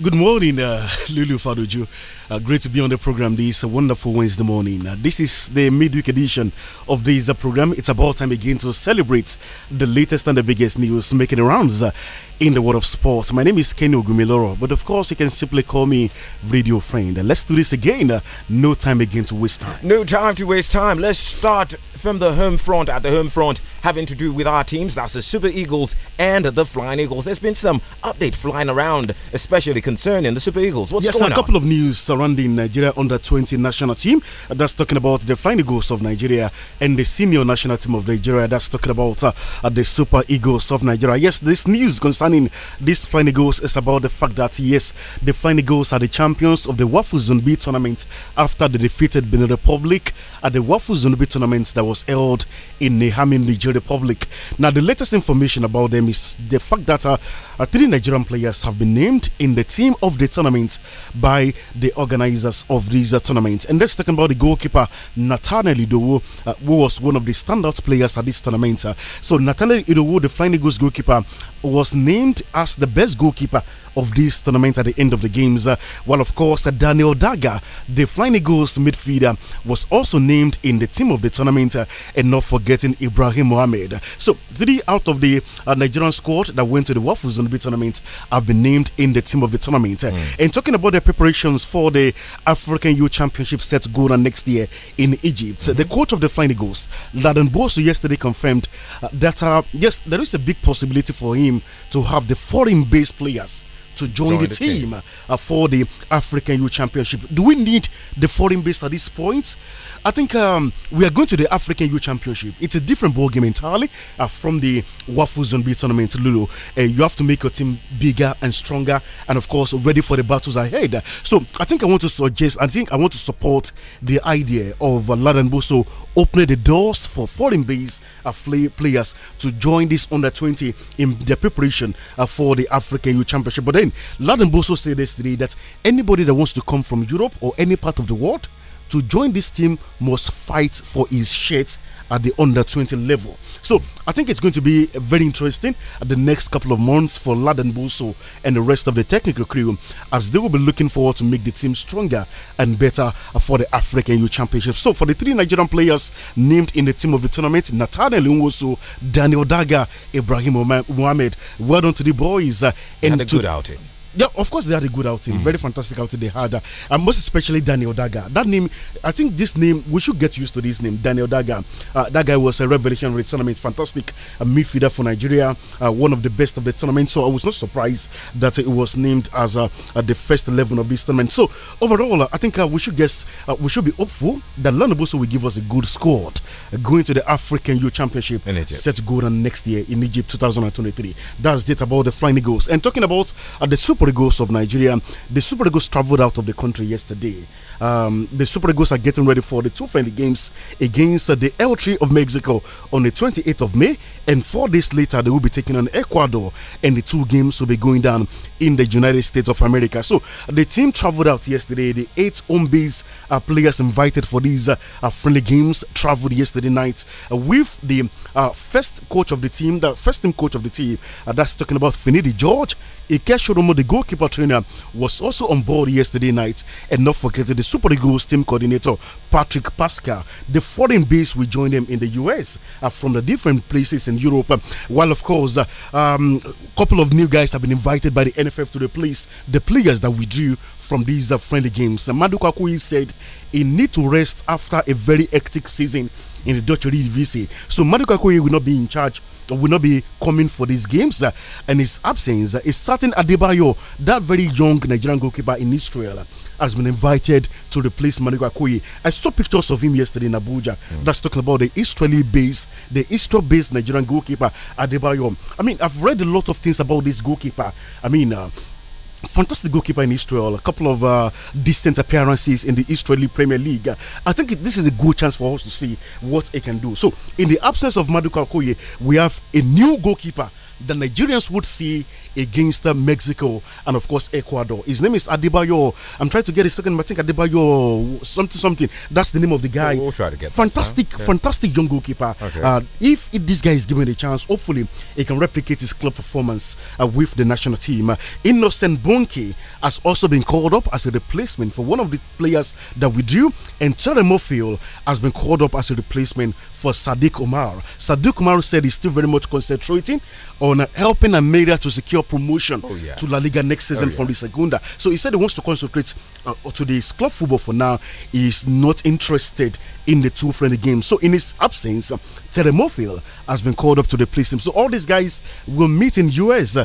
Good morning, uh, Lulu Faduju. Uh, great to be on the program this wonderful Wednesday morning. Uh, this is the midweek edition of this uh, program. It's about time again to celebrate the latest and the biggest news making rounds uh, in the world of sports. My name is Kenny Ogumiloro, but of course, you can simply call me Radio Friend. Uh, let's do this again. Uh, no time again to waste time. No time to waste time. Let's start from the home front at the home front having to do with our teams that's the super eagles and the flying eagles there's been some update flying around especially concerning the super eagles what's yes, going on yes a couple on? of news the Nigeria under 20 national team. That's talking about the Flying Eagles of Nigeria and the senior national team of Nigeria. That's talking about uh, uh the Super Eagles of Nigeria. Yes, this news concerning these Flying Eagles is about the fact that, yes, the Flying Eagles are the champions of the Waffle Zone B tournament after they defeated Benin Republic at the Waffle Zone B tournament that was held in in Nigeria Republic. Now, the latest information about them is the fact that uh, uh, three Nigerian players have been named in the team of the tournament by the organization organizers of these uh, tournaments. And let's talk about the goalkeeper, Nathaniel Idowu, uh, who was one of the standout players at this tournament. Uh. so, Nathaniel Idowu, the Flying Eagles goalkeeper, was named as the best goalkeeper of this tournament at the end of the games. Uh, while, of course, uh, Daniel Daga, the Flying Eagles midfielder, was also named in the team of the tournament, uh, and not forgetting Ibrahim Mohamed. So, three out of the uh, Nigerian squad that went to the Zone B tournament have been named in the team of the tournament. Mm. And talking about the preparations for the African Youth Championship set to go on next year in Egypt, mm -hmm. the coach of the Flying Eagles, Laden Bosu, yesterday confirmed uh, that yes, there is a big possibility for him to have the foreign based players to join, join the, the, team, team. Uh, for the African Youth Championship. Do we need the foreign based at this point? I think um, we are going to the African Youth Championship. It's a different ball game entirely uh, from the Waffle Zone B tournament, Lulu. Uh, you have to make your team bigger and stronger, and of course, ready for the battles ahead. So I think I want to suggest, I think I want to support the idea of uh, Bosso Boso opening the doors for foreign based uh, players to join this under 20 in their preparation uh, for the African Youth Championship. But then Ladan Boso said yesterday that anybody that wants to come from Europe or any part of the world to join this team must fight for his shirt at the under 20 level. So I think it's going to be very interesting at the next couple of months for Laden Buso and the rest of the technical crew as they will be looking forward to make the team stronger and better for the African Youth Championship. So for the three Nigerian players named in the team of the tournament, Nathaniel Nwosu, Daniel Daga, Ibrahim Mohamed, well done to the boys. Uh, and, and a good outing yeah, of course they had a good outing, mm. very fantastic outing they had, uh, and most especially Daniel Daga. That name, I think this name we should get used to this name, Daniel Daga. Uh, that guy was a revelation with the tournament, fantastic uh, midfielder for Nigeria, uh, one of the best of the tournament. So I was not surprised that it was named as uh, uh, the first eleven of this tournament. So overall, uh, I think we should guess we should be hopeful that Lanaboso will give us a good squad going to the African Youth Championship set to go on next year in Egypt 2023. That's it about the Flying Eagles. And talking about the Super Super Eagles of Nigeria. The Super Eagles traveled out of the country yesterday um, the Super Eagles are getting ready for the two friendly games against uh, the L3 of Mexico on the 28th of May. And four days later, they will be taking on Ecuador. And the two games will be going down in the United States of America. So the team traveled out yesterday. The eight home base uh, players invited for these uh, uh friendly games traveled yesterday night uh, with the uh, first coach of the team, the first team coach of the team, that's talking about Finidi George. Ikechukwu the goalkeeper trainer, was also on board yesterday night. And not forgetting the Super Eagles team coordinator Patrick Pascal. The foreign base will join them in the US uh, from the different places in Europe. Uh, while, of course, a uh, um, couple of new guys have been invited by the NFF to replace the players that withdrew from these uh, friendly games. Uh, Madukakui said he need to rest after a very hectic season in the Dutch Eredivisie. So Maduka Madukakui will not be in charge will not be coming for these games. Uh, and his absence is starting Adebayo, that very young Nigerian goalkeeper in Israel has been invited to replace Manuka Koye. I saw pictures of him yesterday in Abuja. Mm. That's talking about the Israeli based, the Israel based Nigerian goalkeeper Adebayo. I mean, I've read a lot of things about this goalkeeper. I mean, uh, fantastic goalkeeper in Israel, a couple of uh, appearances in the Israeli Premier League. I think this is a good chance for us to see what he can do. So, in the absence of Maduka Okoye, we have a new goalkeeper that Nigerians would see against Mexico and, of course, Ecuador. His name is Adibayo. I'm trying to get his second name. I think something, something. That's the name of the guy. We'll, we'll try to get Fantastic, fantastic young goalkeeper. Okay. Uh, if, if, this guy is given a chance, hopefully he can replicate his club performance uh, with the national team. Uh, Innocent Bonke has also been called up as a replacement for one of the players that we do, and Teremofil has been called up as a replacement for Sadiq Omar. Sadiq Omar said he's still very much concentrating on uh, helping America to secure promotion oh, yeah. to La Liga next oh, season oh, yeah. from the Segunda. So he said he wants to concentrate uh, to this club football for now. He's not interested in the two friendly games. So in his absence, uh, Teremofil has been called up to replace him. So all these guys will meet in US uh,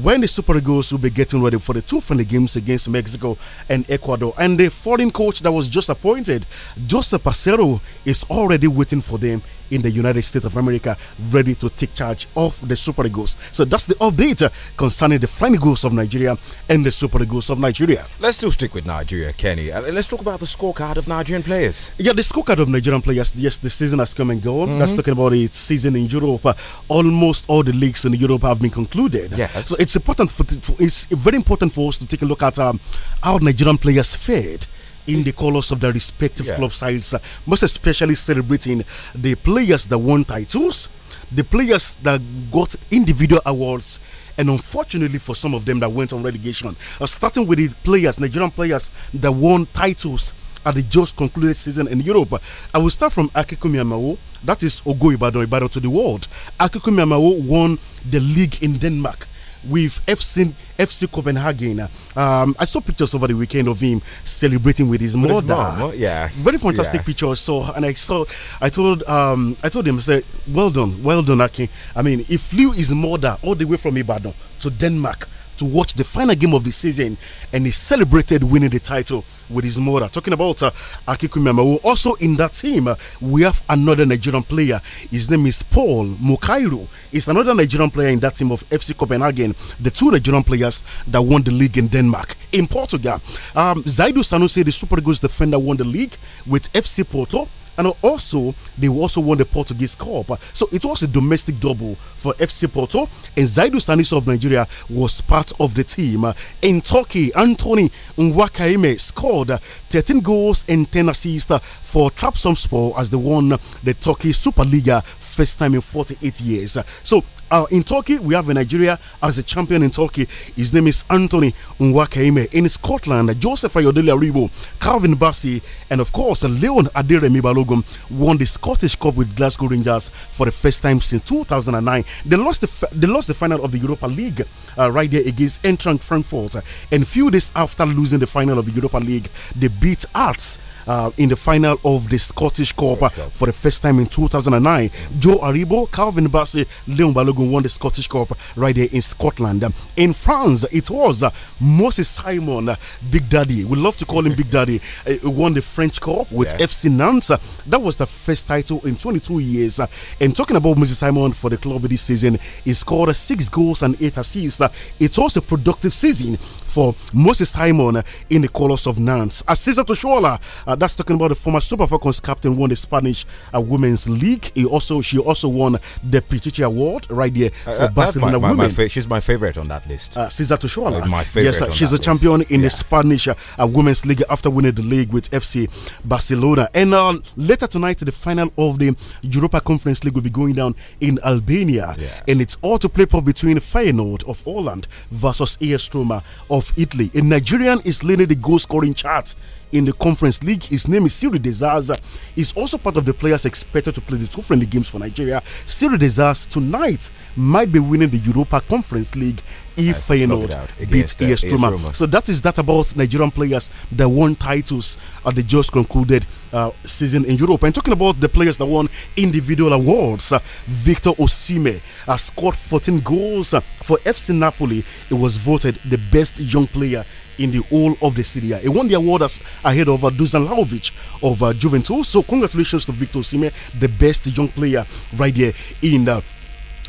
when the Super Eagles will be getting ready for the two friendly games against Mexico and Ecuador. And the foreign coach that was just appointed, Joseph Pacero, is already waiting for them in the United States of America, ready to take charge of the Super Eagles. So that's the update concerning the Flying Eagles of Nigeria and the Super Eagles of Nigeria. Let's still stick with Nigeria, Kenny. Uh, let's talk about the scorecard of Nigerian players. Yeah, the scorecard of Nigerian players. Yes, the season has come and gone. Mm -hmm. That's talking about its season in Europe. Uh, almost all the leagues in Europe have been concluded. Yes. So it's important. For, it's very important for us to take a look at um, how Nigerian players fared in the colours of their respective yeah. club sides, uh, most especially celebrating the players that won titles, the players that got individual awards, and unfortunately for some of them that went on relegation. Uh, starting with the players, Nigerian players that won titles at the just concluded season in Europe. I will start from Akikumi Yamawu. That is Ogo Ibadan, Ibadan to the world. Akikumi Yamawu won the league in Denmark with FC, FC Copenhagen. Um, I saw pictures over the weekend of him celebrating with his with mother. His mom, yeah, very fantastic pictures. So, and I saw, I told, um, I told him, I said, "Well done, well done, Akin." I mean, he flew his mother all the way from Ibadan to Denmark to watch the final game of the season and he celebrated winning the title with his mother. Talking about uh, Akiku also in that team, uh, we have another Nigerian player. His name is Paul Mukairo. He's another Nigerian player in that team of FC Copenhagen, the two Nigerian players that won the league in Denmark. In Portugal, um, Zaidu Sanusi, the Super Eagles defender, won the league with FC Porto. And also, they also won the Portuguese Cup. So it was a domestic double for FC Porto. And Zaidu Sanis of Nigeria was part of the team. In Turkey, Anthony Nwakaime scored 13 goals and 10 assists for Trabzonspor as they won the Turkey Super League first time in 48 years. So uh, in Turkey, we have Nigeria as a champion in Turkey. His name is Anthony Nwakaime. In Scotland, Joseph Ayodele Aribo, Calvin Bassi, and of course, Leon Aderemi Balogun won the Scottish Cup with Glasgow Rangers for the first time since 2009. They lost the, they lost the final of the Europa League uh, right there against Eintracht Frankfurt. And few days after losing the final of the Europa League, they beat Arts uh, in the final of the Scottish Cup uh, for the first time in 2009. Joe Aribo, Calvin Bassey, Leon Balogun won the Scottish Cup right there in Scotland. In France, it was uh, Moses Simon, uh, Big Daddy. We love to call him Big Daddy. Uh, won the French Cup with yes. FC Nantes. That was the first title in 22 years. And talking about Moses Simon for the club this season, he scored six goals and eight assists. It was a productive season for Moses Simon in the colours of Nantes. Assisa Toshola, uh, uh, that's talking about the former Super Falcons captain won the Spanish uh, Women's League. He also she also won the Pichichi Award right there uh, for uh, Barcelona my, my, women. My she's my favorite on that list. Uh, Cesar Tushuala. my favorite. Yes, uh, she's a list. champion in yeah. the Spanish uh, Women's League after winning the league with FC Barcelona. And later tonight, the final of the Europa Conference League will be going down in Albania, yeah. and it's all to play for between Feyenoord of Holland versus AS Roma of Italy. A Nigerian is leading the goal scoring chart in the Conference League. His name is Siri Desaz. He's also part of the players expected to play the two friendly games for Nigeria. Siri Desaz tonight might be winning the Europa Conference League if Feyenoord beat AS Roma. So that is that about Nigerian players that won titles at the just concluded uh, season in Europe. And talking about the players that won individual awards, uh, Victor Osime uh, scored 14 goals uh, for FC Napoli. It was voted the best young player in the whole of the Serie He won the award as ahead of uh, Dusan Lajovic of uh, Juventus. So congratulations to Victor Osime, the best young player right there in the uh,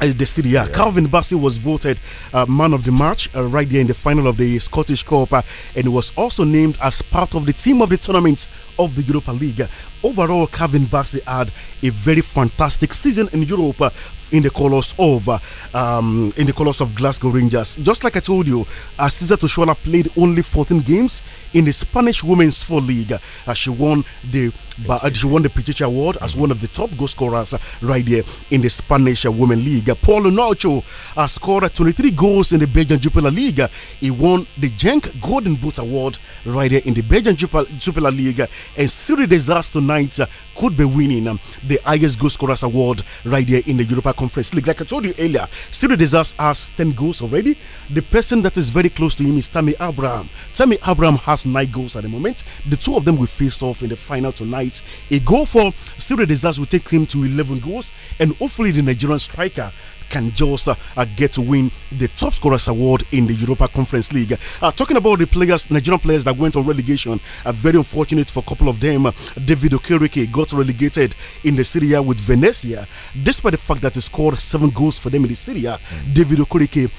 yeah. Uh, yeah. Calvin Bassey was voted uh, man of the match uh, right there in the final of the Scottish Cup, uh, and was also named as part of the team of the tournament of the Europa League overall, Kevin Bassi had a very fantastic season in Europe in the colours of um, in the colours of Glasgow Rangers. Just like I told you, uh, Cesar Toshola played only 14 games in the Spanish Women's Football League. Uh, she won the uh, she won the Pichichi Award as one of the top goal scorers right there in the Spanish uh, Women League. Paulo Nacho uh, scored 23 goals in the Belgian Jupiler League. He won the Genk Golden Boot Award right there in the Belgian Jupiler League. And Siri Desastre tonight uh, could be winning um, the highest goal scorers award right here in the Europa Conference League. Like I told you earlier, Cyril Desas has 10 goals already. The person that is very close to him is Tammy Abraham. Tammy Abraham has 9 goals at the moment. The two of them will face off in the final tonight. A goal for Cyril Desas will take him to 11 goals, and hopefully the Nigerian striker can just uh, uh, get to win the top scorers award in the Europa Conference League. Uh, talking about the players, Nigerian players that went on relegation, very unfortunate for a couple of them. David Okereke got relegated in the Serie A with Venezia, despite the fact that he scored seven goals for them in the Serie A. Mm. David Okereke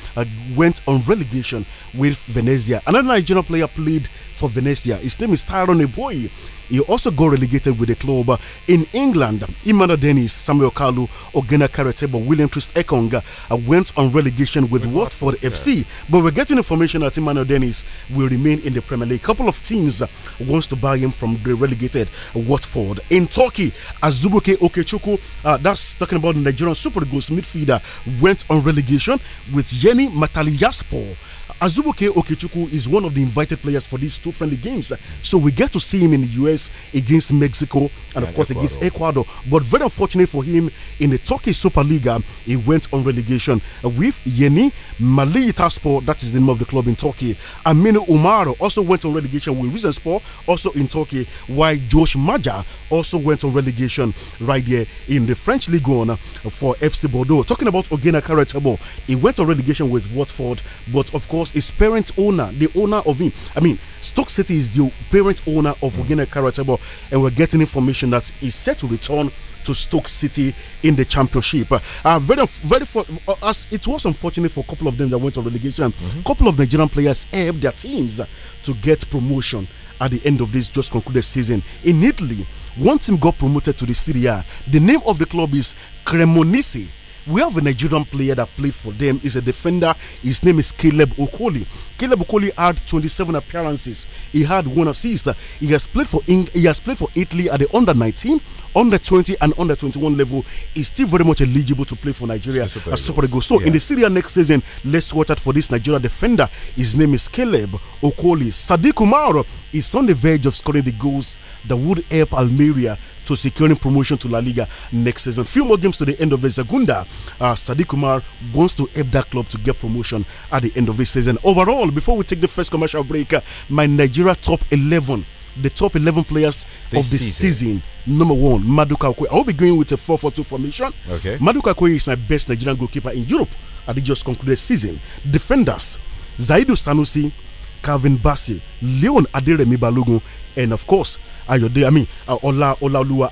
went on relegation with Venezia. Another Nigerian player played for Venezia. His name is Tyrone Boy. He also got relegated with the club in England. Imana Dennis, Samuel Kalu, Ogena Karateba, William Trist Ekonga uh, went on relegation with, with Watford, Watford FC. Yeah. But we're getting information that Imana Dennis will remain in the Premier League. A couple of teams uh, wants to buy him from the relegated Watford. In Turkey, Azubuke Okechukwu, uh, that's talking about the Nigerian Super goals midfielder, went on relegation with Yeni Mataliyaspor. Azubuke Okechukwu is one of the invited players for these two friendly games. So we get to see him in the US against Mexico and, and of course Ecuador. against Ecuador. But very unfortunate for him, in the Turkish Superliga, uh, he went on relegation with Yeni Malitaspor, that is the name of the club in Turkey. Aminu Umaro also went on relegation with Sport, also in Turkey, while Josh Maja also went on relegation right there in the French League One for FC Bordeaux. Talking about Ogena Karatabo, he went on relegation with Watford, but of course is parent owner, the owner of him. I mean, Stoke City is the parent owner of mm. Karatebo, and we're getting information that he's set to return to Stoke City in the Championship. Uh, very, very for, uh, as it was unfortunate for a couple of them that went to relegation. A mm -hmm. couple of Nigerian players helped their teams to get promotion at the end of this just concluded season in Italy. One team got promoted to the Serie A. The name of the club is Cremonese. We have a Nigerian player that played for them. He's a defender. His name is Caleb Okoli. Caleb Okoli had 27 appearances. He had one assist. He has played for Eng he has played for Italy at the under 19 under 20 and under 21 level is still very much eligible to play for Nigeria super as Super Eagles. So yeah. in the Syria next season, let's watch out for this Nigeria defender. His name is Caleb Okoli. Sadiq Umar is on the verge of scoring the goals that would help Almeria to securing promotion to La Liga next season. Few more games to the end of the Segunda. Uh, Sadiq Kumar wants to help that club to get promotion at the end of this season. Overall, before we take the first commercial break, uh, my Nigeria top 11 the top 11 players this of the season. season. Number one, Maduka Okoye. I'll be going with a 4 4 2 formation. Okay. Maduka Okoye is my best Nigerian goalkeeper in Europe at the just concluded season. Defenders, Zaidu Sanusi, Calvin Bassi, Leon Adiremi Balogun, and of course, Ayode, I mean, uh, Ola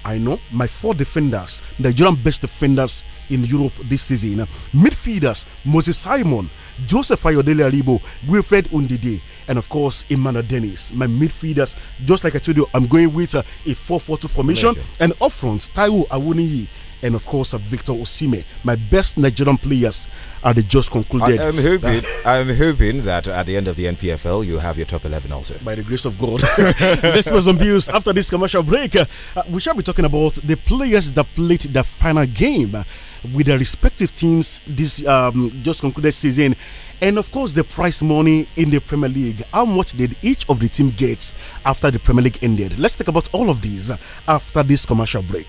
I Aino, my four defenders, Nigerian best defenders in Europe this season. Midfielders, Moses Simon, Joseph Ayodele Aribo, Wilfred Undide, and of course Emmanuel Dennis. My midfielders, just like I told you, I'm going with uh, a 4-4-2 formation. formation. and up front, Taiwo Awuniyi and of course Victor Osime. My best Nigerian players are the just concluded. I am hoping, I'm hoping that at the end of the NPFL you have your top 11 also. By the grace of God. this was on Bills. After this commercial break, uh, we shall be talking about the players that played the final game with their respective teams this um, just concluded season. And of course, the prize money in the Premier League. How much did each of the team get after the Premier League ended? Let's talk about all of these after this commercial break.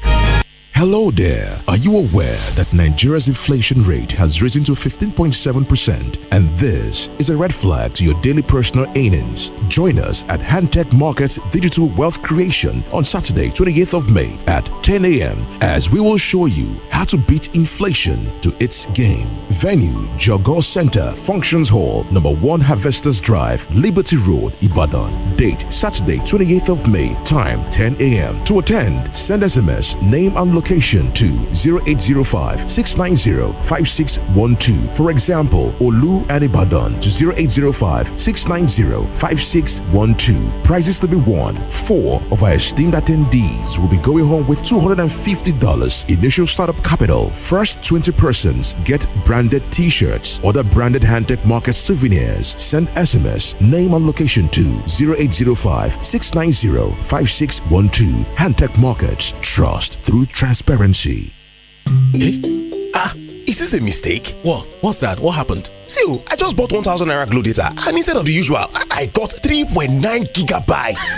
Hello there. Are you aware that Nigeria's inflation rate has risen to 15.7% and this is a red flag to your daily personal earnings? Join us at Hantech Markets Digital Wealth Creation on Saturday, 28th of May at 10 a.m. as we will show you how to beat inflation to its game. Venue Jogos Center, Functions Hall, number 1 Harvesters Drive, Liberty Road, Ibadan. Date Saturday, 28th of May, time 10 a.m. To attend, send SMS, name and location location to 0805 690 5612. For example, Olu and Ibadan to 0805 690 5612. Prizes to be won. Four of our esteemed attendees will be going home with $250 initial startup capital. First 20 persons get branded t shirts, other branded handtech market souvenirs. Send SMS, name and location to 0805 690 5612. Handtech Markets. Trust through transparency. Hey? Eh? Ah, is this a mistake? What? What's that? What happened? See, oh, I just bought 1000 Naira Glow data and instead of the usual, I, got 3.9 gigabytes.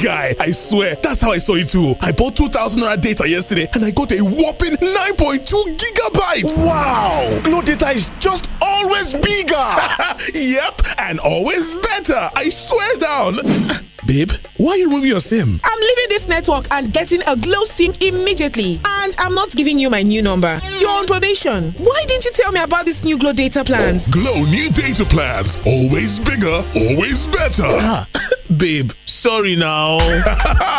Guy, I swear, that's how I saw it too. I bought 2000 Naira data yesterday and I got a whopping 9.2 gigabytes. Wow! Glow data is just always bigger. yep, and always better. I swear down. Babe, why are you removing your SIM? I'm leaving this network and getting a Glow SIM immediately. And I'm not giving you my new number. You're on probation. Why didn't you tell me about this new Glow data plans? Glow new data plans. Always bigger, always better. Ah, babe sorry now.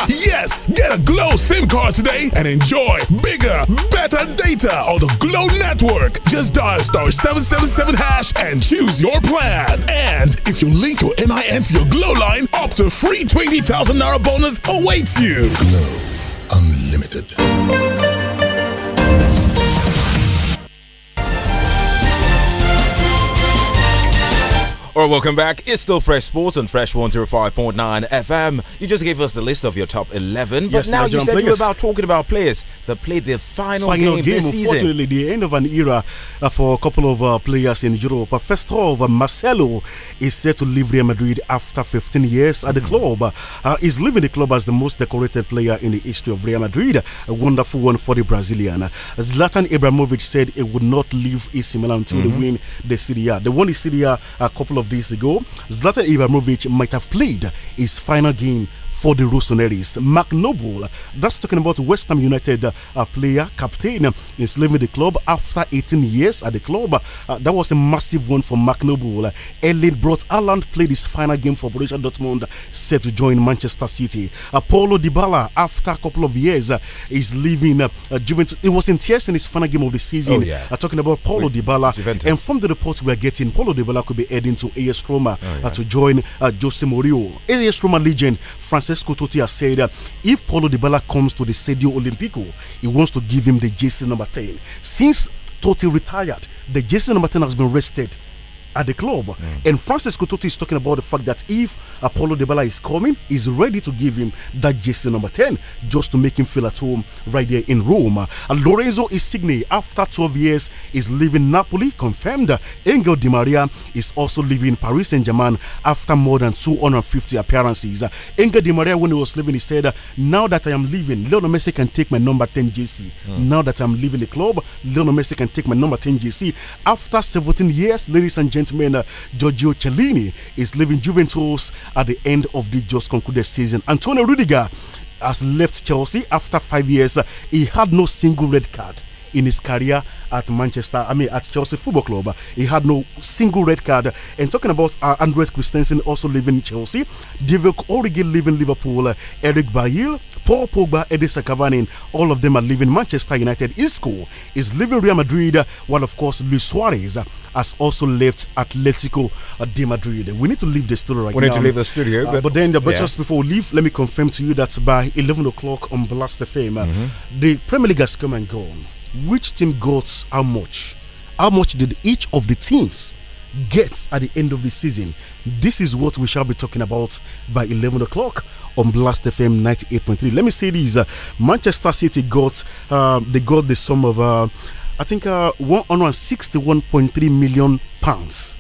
yes, get a Glow SIM card today and enjoy bigger, better data on the Glow network. Just dial star 777 hash and choose your plan. And if you link your NIN to your Glow line, up to free 20,000 naira bonus awaits you. Glow Unlimited. All right, welcome back. It's still Fresh Sports and Fresh 105.9 FM. You just gave us the list of your top 11, but yes, now Nigerian you said players. you about talking about players that played their final, final game, game this season. Unfortunately, the end of an era uh, for a couple of uh, players in Europe. First of all, Marcelo is set to leave Real Madrid after 15 years at mm the hmm. club. Uh, he's leaving the club as the most decorated player in the history of Real Madrid. A wonderful one for the Brazilian. Zlatan Ibrahimovic said he would not leave AC Milan until mm -hmm. they mm-hmm. win the Serie A. They won the Serie A a couple of of days ago, Zlatan Ibrahimovic might have played his final game for the Rossoneri's. Mark Noble, that's talking about West Ham United uh, player, captain, is leaving the club after 18 years at the club. Uh, that was a massive one for Mark Noble. Uh, Elliot brought played his final game for Borussia Dortmund, set to join Manchester City. Uh, Apollo Dybala, after a couple of years, uh, is leaving uh, Juventus. It was in tears in his final game of the season. Oh, yeah. talking about Paulo Dybala. Juventus. And from the reports we are getting, Paulo Dybala could be heading to AS Roma oh, yeah. to join Jose Mourinho. AS Roma legend Francis Francesco Totti has said that if Paulo Dybala comes to the Stadio Olimpico, he wants to give him the jersey number 10. Since Totti retired, the jersey number 10 has been rested at the club. Mm. And Francis Totti is talking about the fact that if Apollo Debala is coming, he's ready to give him that jersey number 10 just to make him feel at home right there in Rome. Lorenzo Lorenzo Insigne, after 12 years, is leaving Napoli, confirmed. Angel Di Maria is also leaving Paris Saint Germain after more than 250 appearances. Engel Angel Di Maria, when he was leaving, he said, Now that I am leaving, Lionel Messi can take my number 10 jersey. Mm. Now that I'm leaving the club, Lionel Messi can take my number 10 jersey. After 17 years, ladies and gentlemen, gentlemen, uh, Giorgio Cellini is leaving Juventus at the end of the just concluded season. Antonio Rudiger has left Chelsea after five years. Uh, he had no single red card in his career at Manchester, I mean, at Chelsea Football Club. He had no single red card. And talking about uh, Andres Christensen also leaving Chelsea, Divock Origi leaving Liverpool, uh, Eric Bayil, Paul Pogba, Edison Cavani, all of them are leaving Manchester United. Isco is leaving Real Madrid, uh, while of course Luis Suarez uh, has also left Atletico uh, de Madrid. We need to leave the studio right we now. We need to leave the studio, uh, but, then, but yeah. just before we leave, let me confirm to you that by 11 o'clock on Blast of Fame, mm -hmm. the Premier League has come and gone which team got how much? How much did each of the teams get at the end of the season? This is what we shall be talking about by 11 o'clock on Blast FM 98.3. Let me say this uh, Manchester City got, uh, they got the sum of, uh, I think, uh, 161.3 million pounds.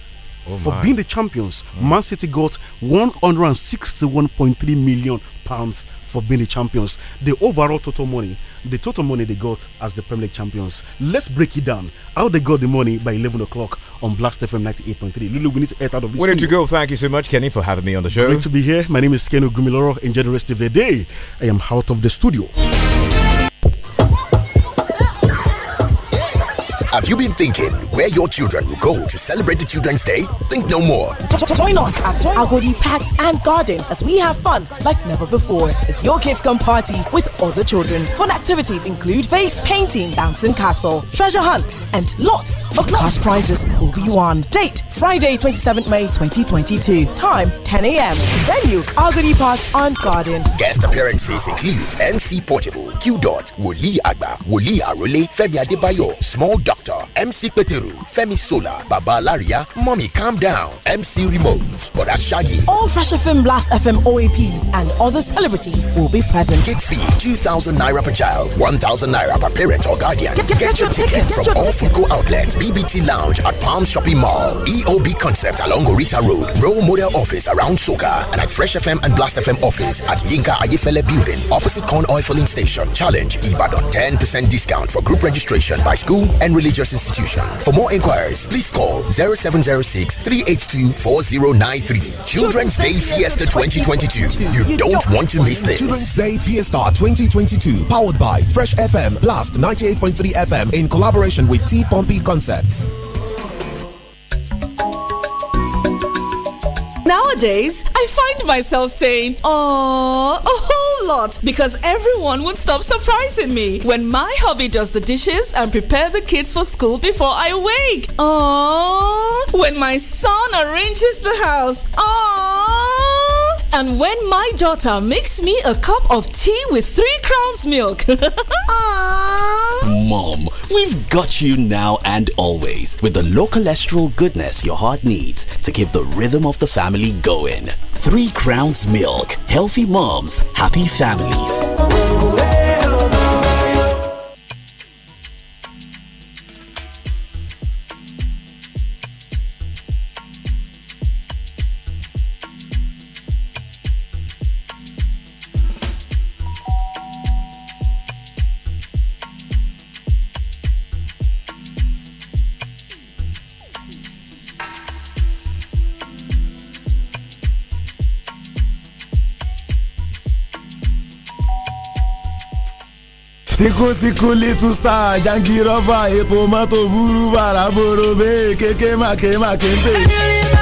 Oh for being the champions, hmm. Man City got 161.3 million pounds for being the champions. The overall total money the total money they got as the Premier League champions. Let's break it down. How they got the money by 11 o'clock on Blast FM 98.3. Lulu, we need to get out of this. Where did you go? Thank you so much, Kenny, for having me on the show. Great to be here. My name is Kenny Gumiloro. Enjoy the rest of the day. I am out of the studio. Have you been thinking where your children will go to celebrate the Children's Day? Think no more. Join us at Agodi Park and Garden as we have fun like never before. It's your kids come party with other children. Fun activities include face painting, bouncing castle, treasure hunts, and lots of cash prizes will be won. Date Friday, 27th May 2022. Time 10 a.m. Venue Agodi Park and Garden. Guest appearances include NC Portable, Q Dot, Woli Agba, Woli Arole, Femi Adebayo, Small Duck. Doctor, MC Peteru, Femi Sola, Baba Laria, Mommy Calm Down, MC Remote, Brother Shaggy. All Fresh FM Blast FM OAPs and other celebrities will be present. Kid fee, 2,000 Naira per child, 1,000 Naira per parent or guardian. Get, get, get, get your, your, ticket, from your all ticket. outlets, BBT Lounge at Palm Shopping Mall, EOB Concept along Gorita Road, Role Model Office around Soka, and at Fresh FM and Blast FM office at Yinka Ayefele Building, opposite Corn Oil Filling Station. Challenge Ibadan, 10% discount for group registration by school and religion religious institution. For more inquiries, please call 0706 382 4093. Children's Day Fiesta 2022. You don't want to miss this. Children's Day Fiesta 2022, powered by Fresh FM, Blast 98.3 FM, in collaboration with T Pompey Concepts. Nowadays, I find myself saying, "Oh, a whole lot because everyone would stop surprising me when my hubby does the dishes and prepare the kids for school before I wake. Oh, when my son arranges the house. Oh, and when my daughter makes me a cup of tea with three crowns milk. Aww mom. We've got you now and always with the low cholesterol goodness your heart needs to keep the rhythm of the family going. Three Crowns Milk. Healthy moms, happy families. síkúsíkú little star jankirofa epo mọ́tò burú bàrà borobe kékèmàkèmàkè ń pè.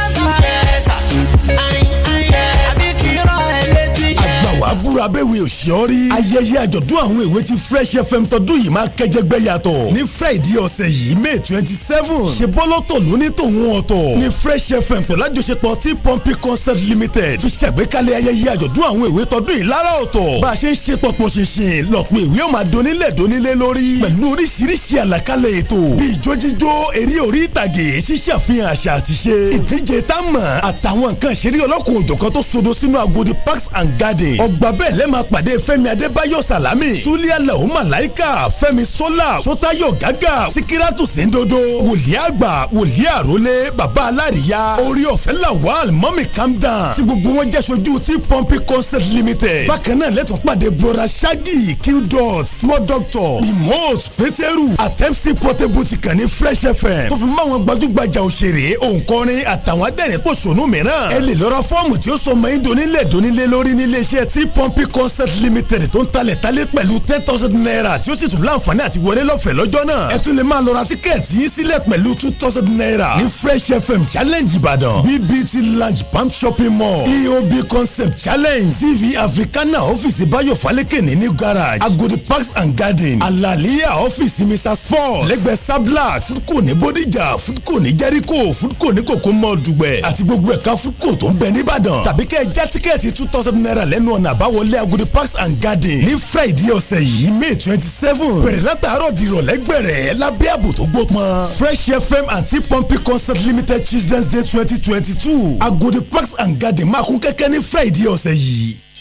wàá búra bẹ́ẹ̀ wí òṣìṣẹ́ rí. ayẹyẹ àjọ̀dún àwọn èwe ti fresh fm tọdún yìí máa kẹjẹgbẹ́ yàtọ̀ ní friday ọ̀sẹ̀ yìí may twenty seven ṣe bọ́lọ́tọ̀ lóní tòun ọ̀tọ̀ ní fresh fm pẹ̀lú àjọṣepọ̀ tí pọ́ǹpì concert limited fi ṣàgbékalẹ̀ ayẹyẹ àjọ̀dún àwọn èwe tọdún yìí lára ọ̀tọ̀ bá a ṣe ń ṣe pọ̀pọ̀ ṣinṣin lọ́pọ̀ èwe ọ̀ma donílẹ̀ donílé lórí pẹ̀lú oríṣiríṣi àlàkalẹ̀ ètò bí ijó jíjó eré orí ìtàgé ṣíṣàfihàn àṣà àtiṣe ìdíje támà àtàwọn nǹkan ìṣeré ọlọ́kùnrin òjọ̀kan tó sodo sínú agodi parks and gardens gbà bẹ́ẹ̀ lẹ́ẹ̀ máa pàdé fẹ́mi adébáyọ̀ sàlámì súlíà làwọn màláìka fẹ́mi sọ́là sọ́tayọ̀ gàgà síkírátù síndodo wòlíì àgbà wòlíì àrólé bàbá aláríyá orí ọ̀fẹ́ làwàl mọ́mì calm down tí gbogbo wọn jẹ́ sojú tí pọ́ǹpì concert limited bákan náà lẹ́tọ̀ pàdé broda shaggy qdot small doctor remote peteru atẹ́psì portable ti kàn ní fresh fm tó fi mọ́ àwọn gbajúgbajà òṣèré òǹkọrin àtàwọn adẹ́rìn pòṣónú mìíràn ẹ lè lọ́ra fọ́ọ̀mù tí ó sọ mọ́ ẹ́ donílẹ̀ donílẹ̀ lórí nílé tí pumpy concept limited tó ń talẹ̀ talẹ̀ pẹ̀lú ten thousand naira tí ó sì tún láǹfààní àti wọlé lọ́fẹ̀ẹ́ lọ́jọ́ náà ẹ tún lè máa lọ ra tíkẹ́ẹ̀tì yín sílẹ̀ pẹ̀lú two thousand naira ní fresh fm challenge ìbàdàn bbt lounge pump shopping mall eob concept challenge tv africana ọ́fíìsì báyọ̀ falẹ́kẹ̀ni ní garage agodi parks and garden alaliya ọ́fíìsì mr sport lẹ́gbẹ̀ẹ́ sabla foodco ní bodijà foodco ní jericho foodco ní kòkó mall dùgbẹ̀ àti gbogbo ẹ̀ka foodco tó ń bẹ níbàdàn tàbí kẹ́ ẹ já tíkẹ́ẹ̀tì two thousand naira lẹ́nu ọ̀nà àb àbáwọlé Agodi Parks and Garden ní Friday ọ̀sẹ̀ yìí May twenty seven bẹ̀rẹ̀ látàárọ̀ di ìrọ̀lẹ́ gbẹ̀rẹ̀ lábẹ́ ààbò tó gbópọn Fresh FM àti Pompi Concert Limited Children's Day twenty twenty two Agodi Parks and Garden máa kún kẹ́kẹ́ ní Friday ọ̀sẹ̀ yìí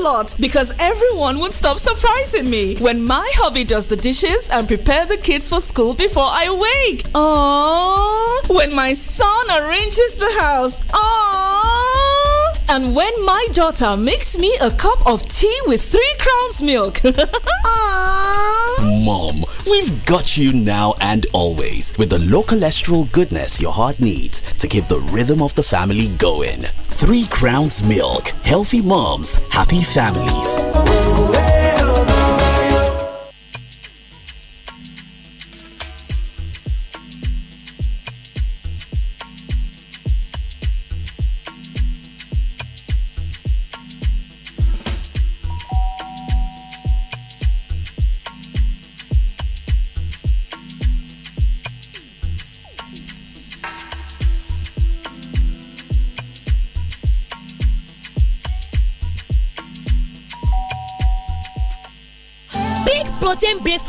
lot because everyone would stop surprising me when my hubby does the dishes and prepare the kids for school before I wake. Aww. When my son arranges the house. Aww. And when my daughter makes me a cup of tea with three crowns milk. Aww. Mom, we've got you now and always with the low cholesterol goodness your heart needs to keep the rhythm of the family going. Three Crowns Milk. Healthy moms, happy families.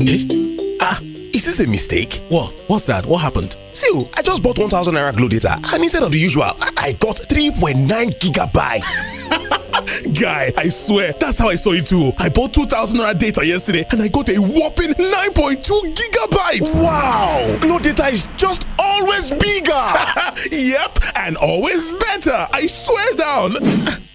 Eh? Ah, is this a mistake? What? What's that? What happened? See, oh, I just bought 1000 Naira Glow data and instead of the usual, I, got 3.9 gigabytes. Guy, I swear, that's how I saw it too. I bought 2000 Naira data yesterday and I got a whopping 9.2 gigabytes. Wow! Glow data is just always bigger. yep, and always better. I swear down.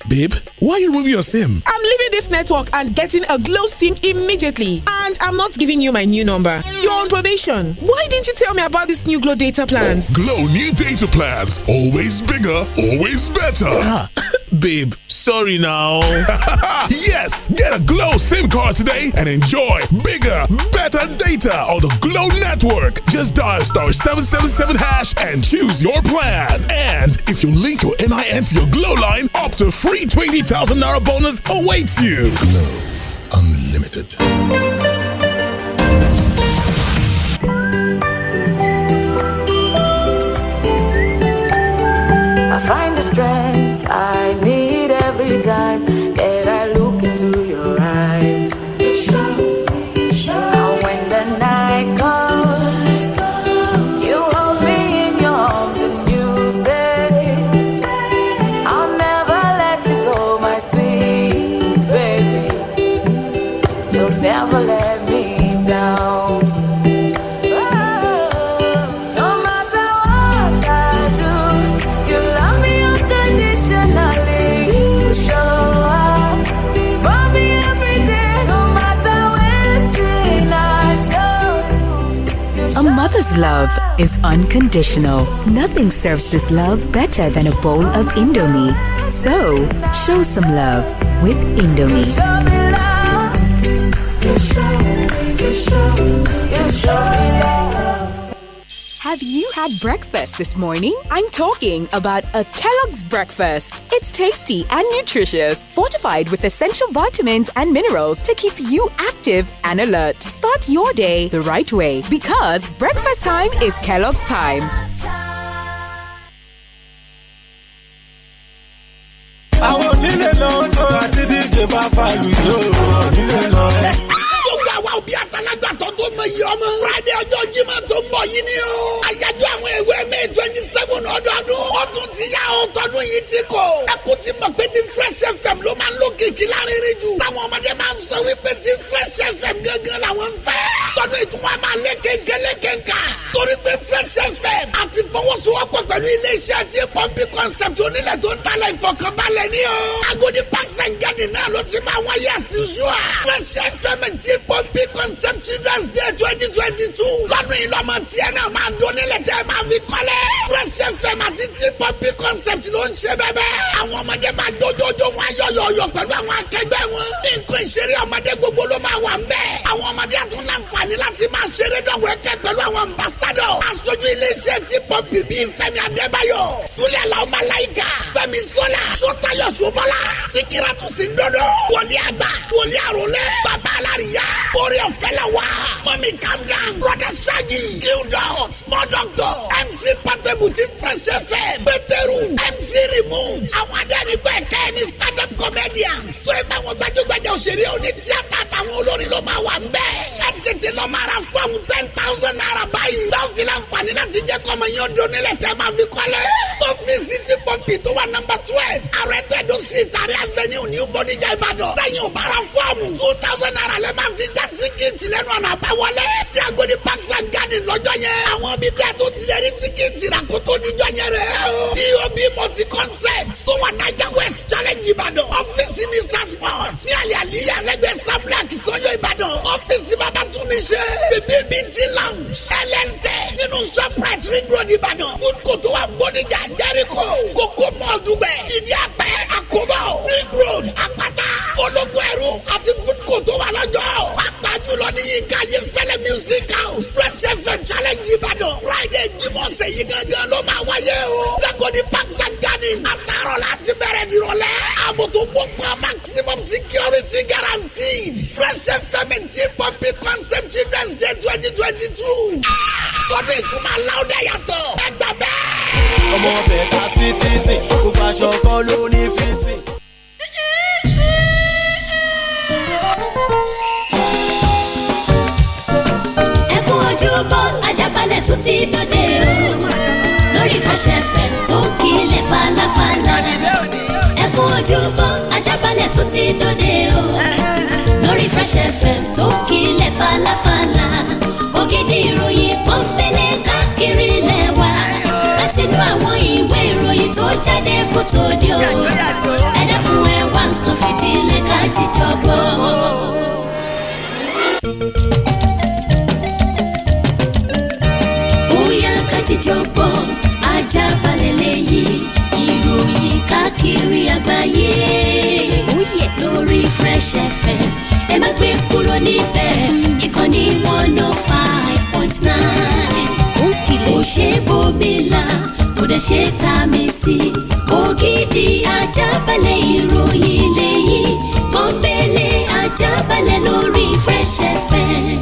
Babe, why are you removing your SIM? I'm leaving this network and getting a Glow SIM immediately. And I'm not giving you my new number. You're on probation. Why didn't you tell me about this new Glow data plans? Glow new data plans. Always bigger, always better. Ah, babe, sorry now. yes, get a Glow SIM card today and enjoy bigger, better internet data on the Glow Network. Just dial star 777 hash and choose your plan. And if you link your NIN to your Glow line, up to free 20,000 Naira bonus awaits you. Glow Unlimited. I find the strength I need every time love is unconditional. Nothing serves this love better than a bowl of Indomie. So, show some love with Indomie. Have you had breakfast this morning? I'm talking about a Kellogg's breakfast tasty and nutritious, fortified with essential vitamins and minerals to keep you active and alert. Start your day the right way because breakfast time is Kellogg's time. àwọn onílé lọ àti díje bá onílé lọ. gbà òbí àtàlágbà tó tó mọ iye ọmọ. ìpàdé ọjọ́ jimá tó ń bọ̀ yìí ni o. àyájọ́ àwọn ìwé may twenty seven ọdọọdún. ó tún ti yá o tọdún yìí ti kò. ẹ ti mọ̀ pé ti fresh fm ló máa ń lo kìkì lárinrin jù. táwọn ọmọdé máa ń sọ wípé ti fresh fm gángan làwọn fẹ́. tọdún ìtumọ̀ a máa lé kéńkélékéńká. torí pé fresh fm a ti fọwọ́sowọ́pọ̀ pẹ̀lú iléeṣẹ́ àti pọ́ǹpì concept onílẹ̀ tó ń talẹ̀ ìfọkànbalẹ̀ ni o. agodi parks and garden náà ló ti máa wáyé àṣìṣ fresh fm ti pọ́ǹpì concept children's day twenty twenty two. lọ́dún yìí lọ́mọ tiẹ̀ náà máa dún nílẹ̀ tẹ́ máa fi kọ́lé. fresh fm àti tí pọ́pì concept ló ń ṣe bẹ́ẹ̀ àwọn ọmọdé máa jójójó wọn ayọ̀yọ̀yọ̀ pẹ̀lú àwọn akẹgbẹ́ wọn. nǹkan ìṣeré ọmọdé gbogbo ló máa wà ńbẹ̀. àwọn ọmọdé àtún láǹfààní láti máa ṣeré dọ̀wẹ́kẹ́ pẹ̀lú àwọn ambassadọ̀. aṣojú iléeṣẹ́ tí pọ́pì bíi fẹ́mi adébáyọ̀ sulẹ̀ làwọn malayika fẹ́mi sọ́la sọ́tayọ̀ sọ́bọ́lá sikiratu sindọ́dọ̀ wòlíàgbà wòlíàrólẹ̀ bàbá alárìíyá orí ọ̀fẹ́ la wà mọ́mí calm down broda shaggy gildot small doctor mc patebuti fresh fm peteru mc remote àwọn adẹ́rìn pẹ̀kẹ́ ni stand up comedian. so ẹ bá wọn gbàdúrà òṣèré oní tíátà táwọn olórin ló máa wà ń bẹ́ẹ̀. ẹ tètè lọ máa ra fọ́ọ̀mù ten thousand naira báyìí. lọ́ọ̀ fi láǹfààní láti jẹ́ kọ́ ọmọ yẹn ọdún nílẹ̀ tẹ́ máa fi kọ́lẹ̀. ọ́fíìsì ti pọ́ǹpì tó wà nọ́mbà twelve. ààrẹ tẹ̀dó sí ìtàrí avenue New Bodija Ìbàdàn. sẹ́yìn ò bá ra fọ́ọ̀mù. two thousand naira lẹ́ máa fi já tíkẹ́ẹ̀tì lẹ́nu ọ̀nà àbáwọlé. sí Agodi Parks and Garden lọ́jọ́ yẹn. àwọn bíi tẹ́ tó ti lè rí tíkẹ́ẹ̀tì rà kó tó níjọ́ yẹn rẹ̀. DOB multi concept. sọ wà Naija West Challenge Ìbàdàn. ọ́fíìsì Mr Sports ní àlẹ́ àlíyà lẹ́gbẹ̀ sablak sọ́yọ́ ìbàdàn ọ́fíìsì bàbá tún mi ṣe. bèbí mi ti lounge lnt nínú shoprite ring road ìbàdàn food court wa ń bọ́díjà jẹ́ríkò kókó mall dùgbẹ̀ ìdí àpẹ́ àkóbọ̀ ring road àpáta ológun ẹ̀rú àti food court wa lọ́jọ́ pápá jùlọ ní yínká yín fẹ́lẹ́ music house fresh fm challenge ìbàdàn friday jimoh ṣèyí gangan ló máa wáyé o lẹ́kọ̀ọ́dí parks and gardens àtàrọ̀ láti bẹ̀rẹ̀ nírọ̀lẹ́ àbùtù gbọ̀ngbọ̀n maximum security mercy guaranteed fresh fmnt pọmpi concept children's day twenty twenty two ah! tọdún ìtumọ̀ aláwọ̀dá yàtọ̀ ẹgbà bẹ́ẹ̀. ọmọ bẹ̀ẹ̀ka citizen kò fàṣọ kọ́ ló ní fìtì. ẹ kú ojúbọ ajábalẹ̀ tún ti dòde o lórí fresh fm tó kílẹ̀ falafala ẹkú ojúmọ́ ajábalẹ̀ tó ti dòde o lórí Fresh FM tó kílẹ̀ falafala ògidì ìròyìn kan fẹlẹ̀ káàkiri lẹ́wà láti inú àwọn ìwé ìròyìn tó jáde fótó di o ẹ dẹ́kun ẹ wá nǹkan fìdílé ká jíjọ gbọ́. bóyá ká jíjọ gbọ́ ajábalẹ̀ lẹ́yìn ìròyìn káàkiri àgbáyé oh, lórí Fresh FM ẹ má gbé kúrò níbẹ̀ ìkànnì one oh five point nine ó kìlẹ̀ ó ṣe bómi la kò dẹ̀ ṣe tá a mi sí ògidì ajábalẹ̀ ìròyìn lẹ́yìn pọ́npẹ́lẹ́ ajábalẹ̀ lórí Fresh FM.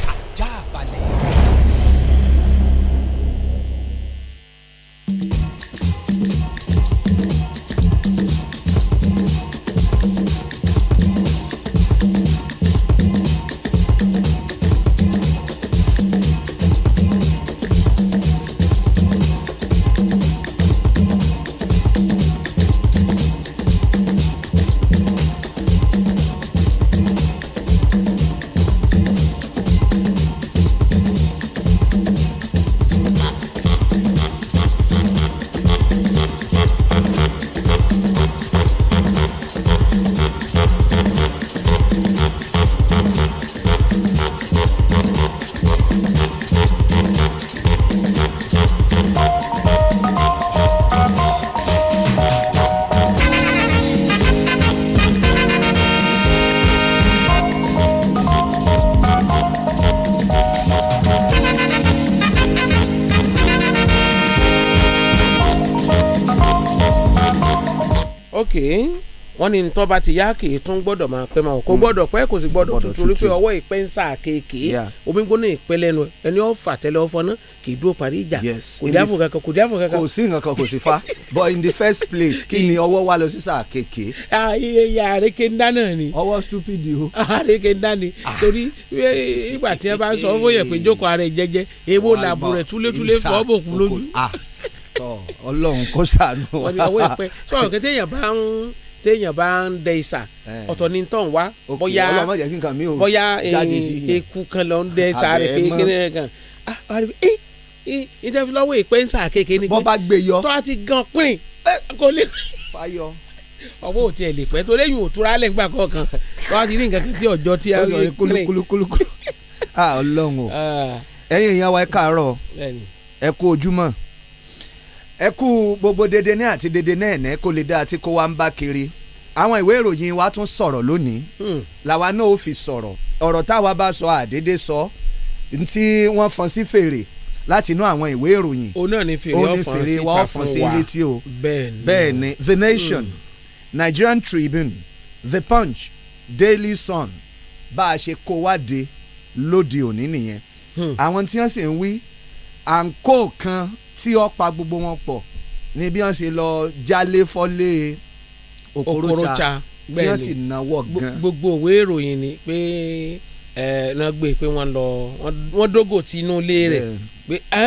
wọ́n ní tó bá ti yá kì í tún gbọ́dọ̀ máa pẹ́ máa kó hmm. gbọ́dọ̀ pẹ́ kò sì gbọ́dọ̀ tutù rí pé ọwọ́ ń sà kéèké omi gbóná ìpẹ́ lẹ́nu ẹni ó fà tẹ́lẹ̀ ó fọ́ná kì í dúró parí ìjà kò dáàbò kankan kò dáàbò kankan. kò sí nǹkan kan kò sí fa but in the first place kí ni ọwọ́ wa lọ sí sà kéèké. Ah, iye ya àrékè ń dáná ni. ọwọ́ stupid o. àrékè ń dáná ni ah. torí eh, ìgbà tí ẹ bá ń sọ fún yẹ pé jókòó ara ẹ jẹ́jẹ́ èwo làbù rẹ túlétúlé fọ́ bòkun lójú. Ah téèyàn bá ń dẹ ìsà eh. ọ̀tọ̀ ni tán wá bóyá bóyá eh, eku kan lọ ń dẹ ìsà rẹ̀ pé kékeré kan ah, eh, ìjẹ́fi lọ́wọ́ ìpẹ́ ń sà kékeré ni pé bọ́ bá gbé yọ tó a ti gan pín kò lè. fayọ ọwọ́ òtí ẹ̀ lè pẹ́ tó léyìn òtúra lẹ́ gbà kọ̀ọ̀kan tó a ti rí nǹkan tí ọjọ́ tí a rí kúlúkúlúkúlú. Ah, ọlọ́run o ah. ẹ̀yin ìyá wa ẹ káàárọ̀ ẹ kú ojúmọ́ ẹ kú gbogbo dédé ní àti dédé náà ní kó lè dá àti kó wa ń bá kiri àwọn ìwé ìròyìn wa tún sọ̀rọ̀ lónìí hmm. làwa náà ó fi sọ̀rọ̀ ọ̀rọ̀ táwa bá sọ àdédé sọ tí wọ́n fọn sí fèrè láti inú àwọn ìwé ìròyìn òun náà ní fèrè wọ́n fọn sí létí o bẹ́ẹ̀ ni The hmm. Nation mm. Nigerian Tribune The Punch Daily Sun bá a ṣe kó wá de lóde òní nìyẹn hmm. àwọn tí wọ́n sì ń wí àǹkó kan tí ó pa gbogbo wọn pọ̀ ni bí wọ́n ṣe lọ jálé fọ́lé Okorocha tí wọ́n sì náwó gan. gbogbo òwe ìròyìn ni pé ẹ náà gbé pé wọ́n lọ wọ́n dógò tí inú ilé rẹ̀ pé ẹ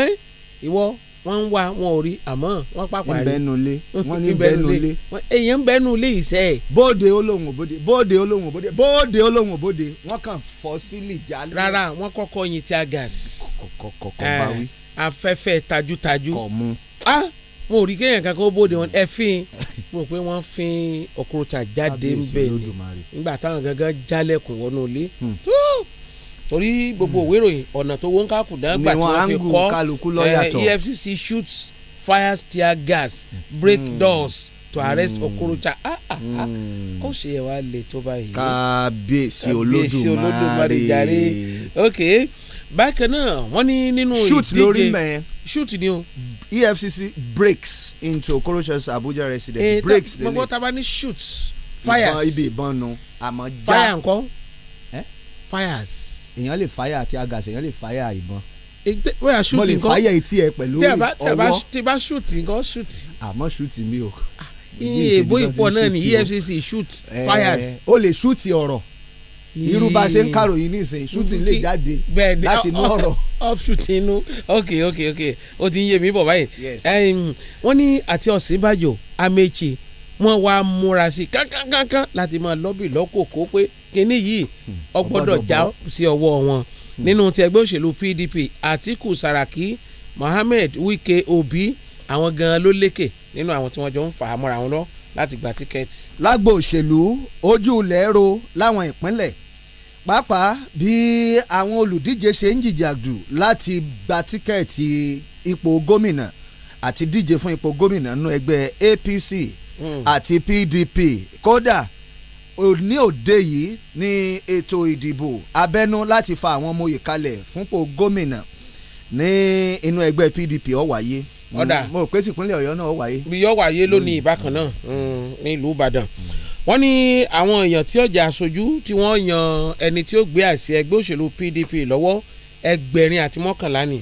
ìwọ wọ́n ń wá wọn ò rí àmọ́ wọ́n pàpà rí. ìbẹ́nulé wọ́n ní ìbẹ́nulé. èèyàn ń bẹ́nulé ìṣe. bóde olóhùn òbóde bóde olóhùn òbóde bóde olóhùn òbóde wọ́n kàn fọ́ sílì jálẹ̀. rárá wọ́n kọ́kọ́ yin tí a gà sí. kọ̀kọ̀ kọ̀kọ̀ bá afẹ́fẹ́ tajútajú kọ̀ọ̀mù ah mo rí kéèyàn kan kó bóde wọn ẹ fín mo rò pé wọ́n fín ọ̀kúròtà jáde ń bẹ̀ ni nígbà táwọn gangan jálẹ̀kùn wọnú ilé hmm. tó torí gbogbo hmm. òwe ìròyìn ọ̀nà tó wọ́n ká kù dáńgbà tí wọ́n fi kọ́ EFCC eh, e shoots fires tear gas hmm. break mm. doors to arrest mm. Okorocha ah ah ah ó ṣe ẹ̀ wá lè tó báyìí. kábíyèsí olódùmarè ok bákan náà wọ́n ní nínú ìdíje shoot ni o. EFCC breaks into Okorocha's Abuja residence eh, breaks the name. gbogbo taba ni shoot fires ibi ìbọn nu àmọ́ já fire nkọ eh? fires. èèyàn lè fire àti agas èèyàn lè fire ìbọn wọ́n yà shoot nǹkan mo lè fire etí ẹ pẹ̀lú ọwọ́ tí a bá shoot nǹkan shoot. àmọ́ shoot mi o. iye èbó ìpọ̀ náà ni EFCC shoot eh, fires. o lè shoot ọ̀rọ̀ irú bá a ṣe ń kàròyìn nísìnyí ṣútì lè jáde láti inú ọ̀rọ̀. ọ̀ṣùtì inú ok ok ok o ti ń yé mi bọ̀ báyìí. wọ́n ní àti Ọ̀ṣínbàjò Amechi wọ́n wá múra sí kánkánkánkán láti máa lọ́bì lọ́kòkó pé kínní yìí hmm. ọgbọ́dọ̀ já sí ọwọ́ wọn hmm. nínú ti ẹgbẹ́ òṣèlú PDP Àtíkù Sàràkí Mohammed Wike Obi àwọn gan-an ló lékè nínú àwọn tí wọ́n jọ ń fà á mọ́ra wọn lọ láti gba tíkẹ́ẹ̀tì. lágbo òṣèlú ojú ilẹ̀ ro láwọn ìpínlẹ̀ pàápàá bí àwọn olùdíje ṣe ń jìjàdù láti gba tíkẹ́ẹ̀tì ipò gómìnà àti díje fún ipò gómìnà nínú ẹgbẹ́ APC hmm. àti PDP kódà òní òde yìí ní ètò ìdìbò abẹ́nú láti fa àwọn ọmọ òye kalẹ̀ fúnpò gómìnà ní inú ẹgbẹ́ PDP ó wáyé ọ̀dà hmm, mo rò pé tìpínlẹ̀ Ọ̀yọ́ náà ó wáyé. yọ wáyé lónìí ìbákan hmm. náà ní Ìbàdàn wọ́n ní àwọn èèyàn tí ọjà aṣojú tí wọ́n yan ẹni tí ó gbé àṣẹ ẹgbẹ́ òṣèlú PDP lọ́wọ́ ẹgbẹ̀rin àti mọ́kànlá ni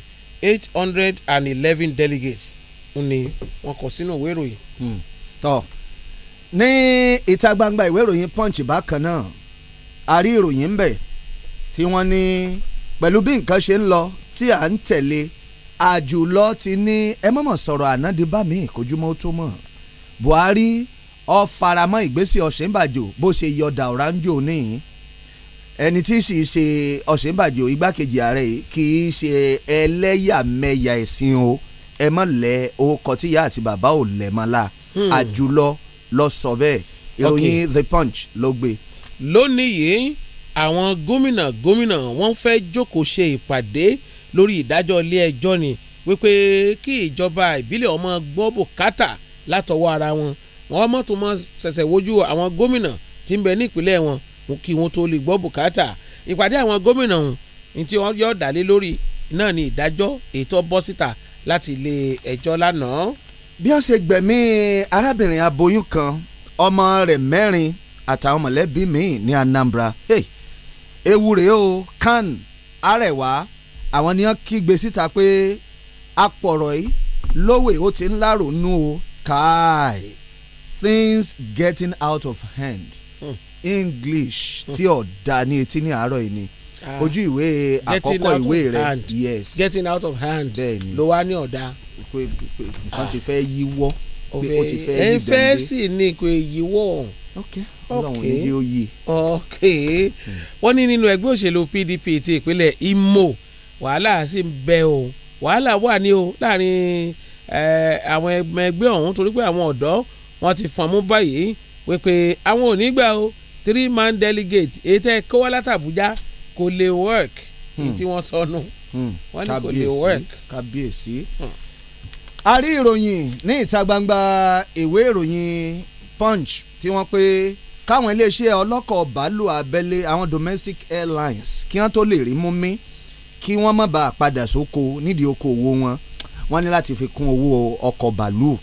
eight hundred and eleven delegates ni wọ́n kọ sínú ìwé ìròyìn. Hmm. tọ́ ní ìta gbangba ìwé ìròyìn punch bákan náà a rí ìròyìn ń bẹ tí wọ́n ní pẹ̀lú bí nǹkan ṣe ń lọ tí à ń tẹ̀lé àjùlọ ti ní ẹ mọ̀mọ̀ sọ̀rọ̀ àná di bá mi ìkójúmọ́ tó mọ̀ Buhari ọ faramọ́ ìgbésẹ̀ Ọ̀ṣínbàjò bó ṣe yọ̀dà ọ̀ránjò níyìn ẹni tí sì ṣe Ọ̀ṣínbàjò igbákejì ààrẹ yìí kì í ṣe ẹlẹ́yàmẹ̀yà ẹ̀sìn o ẹ mọ̀ lẹ́ orúkọ tíyá àti bàbá ò lẹ̀ mọ́ la hmm. àjùlọ lọ sọ bẹ́ẹ̀ ìròyìn The Punch ló gbé. lónìí yìí àwọn gómìnà gómìnà wọ́n fẹ́ jókòó ṣe ìpàdé lórí ìdájọ́ ilé ẹjọ́ ni wípé kí ìjọba ìbílẹ̀ ọmọ gbọ́ bùkátà látọwọ́ ara wọn wọ́n mọ̀ tó mọ̀ ṣẹ̀ṣẹ̀ wojú àwọn gómìnà tí ń bẹ ní ìpínlẹ̀ wọn kí wọ́n tó lè gbọ́ bùkátà ìpàdé àwọn gómìnà ọ̀hún ní tí wọ́n yọ̀ dálé lórí náà ni ìdájọ́ ètò bọ́ síta láti ilé ẹjọ́ lánàá. bí wọ́n ṣe gbẹ̀mí arábìnrin aboyún kan ọmọ rẹ̀ mẹ́rin àtàwọn mọ̀lẹ́bí míì ní Anambra hey, ewu rèé o kan Arẹwà àwọn ni wọ́n kígbe síta pé apọ̀rọ̀ yìí lówè ó ti ń láròónú o káàì things getting out of hand hmm. english hmm. tí ọ̀dà ní etí ní àárọ̀ yìí ni ah. ojú ìwé àkọ́kọ́ ìwé rẹ̀ yes getting out of hand ló wá ní ọ̀dà. pé pé nǹkan ti fẹ́ yíwọ́ pé ó ti fẹ́ yí dẹ́ndé. ẹ sì ni kò yíwọ́ ok ok hmm. wọ́n ní nínú ẹgbẹ́ òṣèlú pdp ti ìpínlẹ̀ imo wàhálà sì ń bẹ o wàhálà wà ní o láàrin àwọn ẹgbẹ́ ọ̀hún torí pé àwọn ọ̀dọ́ wọ́n ti fọ́n mú báyìí wípé àwọn ò ní gbà o three man delegate èyí tẹ́ kó wá látàbújá kò lè work èyí hmm. tí wọ́n sọ nù hmm. wọ́n ní kò lè work. kábíyèsí hmm. a rí ìròyìn ní ìta gbangba ìwé ìròyìn punch tí wọ́n pé káwọn iléeṣẹ́ ọlọ́kọ̀ bàálù abẹ́lé àwọn domestic airlines kí wọ́n tó lè rí mú mi kí wọ́n má bàa padà sóko nídìí okòwò wọn wọ́n ní láti fi kún owó ọkọ̀ balu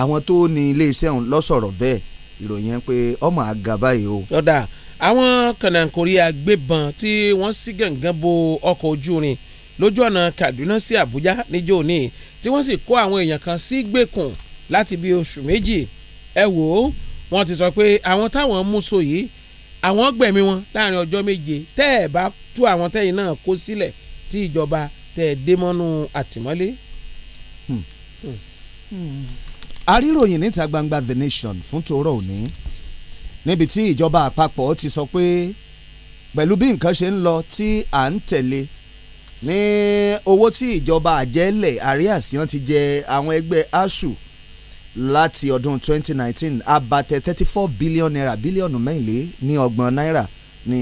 àwọn tó ní iléeṣẹ́ òun lọ́sọ̀rọ̀ bẹ́ẹ̀ ìròyìn yẹn pé ọmọ àga báyìí o. ọ̀dà àwọn kànáńkórí agbébọn tí wọ́n sì gàngán bo ọkọ̀ ojú irin lójú ọ̀nà Kaduna sí Àbújá níjọ́ òní tí wọ́n sì kó àwọn èèyàn kan sí gbèkùn láti bí oṣù méjì ẹ wò ó wọ́n ti sọ pé àwọn táwọn mú so yìí àwọn gbẹ̀mí wọn láàrin ọjọ́ méje tẹ́ ẹ̀ bá tú àwọn tẹ́yìn náà kó sílẹ̀ tí ìjọba tẹ̀ dé mọ́nú àtìmọ́lé. Hmm. Hmm. Hmm aríròyìn níta gbangba The Nation fún tòró òní níbi tí ìjọba àpapọ̀ ti sọ pé pẹ̀lú bí nǹkan ṣe ń lọ tí à ń tẹ̀lé ní owó tí ìjọba àjẹ́lẹ̀ àríàsíán ti jẹ àwọn ẹgbẹ́ ASUU láti ọdún 2019 abatẹ 34 billion naira bílíọ̀nù mẹ́rìnlé ní ọgbọ̀n náírà ní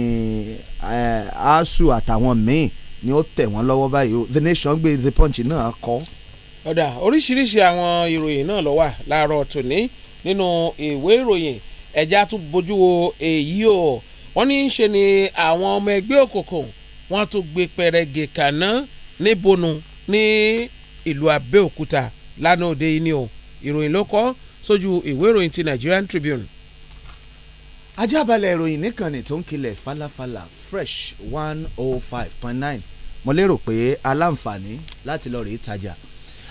eh, ASUU àtàwọn míì ni ó tẹ̀ wọ́n lọ́wọ́ báyìí The Nation gbé The Punch náà kọ́ ọ̀dà oríṣiríṣi àwọn ìròyìn náà ló wà láàárọ̀ tòní nínú ìwé ìròyìn ẹ̀já tún bójú wo èyí o wọ́n ní í ṣe ni àwọn ọmọ ẹgbẹ́ òkùnkùn wọ́n tún gbé pẹrẹgì kaná níbonu ní ìlú Abẹ́òkúta lánàá òde yìí ni o ìròyìn ló kọ́ sójú ìwé ìròyìn ti Nigerian Tribune ajábalẹ̀ ìròyìn níkànnì tó ń kilẹ̀ falafala fresh one oh five point nine mo lérò pé aláǹfààní láti lọ rèé tajà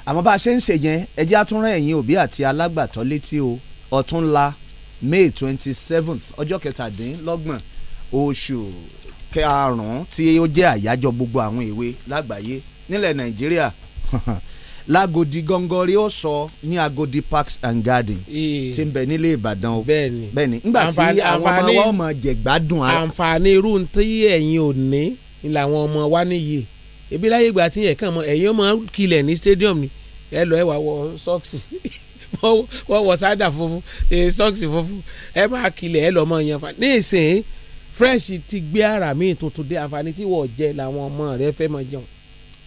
àmọ́ bá a ṣe ń ṣe yẹn ẹ jẹ́ àtúnrán ẹ̀yin òbí àti alágbàtọ́ létí o ọ̀túnla May twenty seventh ọjọ́ kẹtàdínlọ́gbọ̀n oṣù karùn-ún tí ó jẹ́ àyájọ́ gbogbo àwọn èwe lágbàáyé nílẹ̀ Nàìjíríà lágodi gọ́ngọ́rí ó sọ ní agodi parks and garden tí ń bẹ nílé ìbàdàn o bẹ́ẹ̀ ni nígbà tí àwọn ọmọ wa ọmọ jẹ̀gbádùn ara. àǹfààní irú tí ẹ̀yin ò ní làwọn ọmọ wa níyì ebi láyé ìgbà tí yẹn kàn mọ ẹ̀yin ọmọ kilẹ̀ ní stadium ni ẹ lọ ẹ wà wọ sọ́ọ̀sì wọ́n wọ sádà funfun sọ́ọ̀sì funfun ẹ máa kilẹ̀ ẹ lọ́mọ yẹn fa ní ìsìn fresh ti gbé ara mi tuntun dé àǹfààní tí wọ́n jẹ làwọn ọmọ rẹ fẹ́ máa jẹun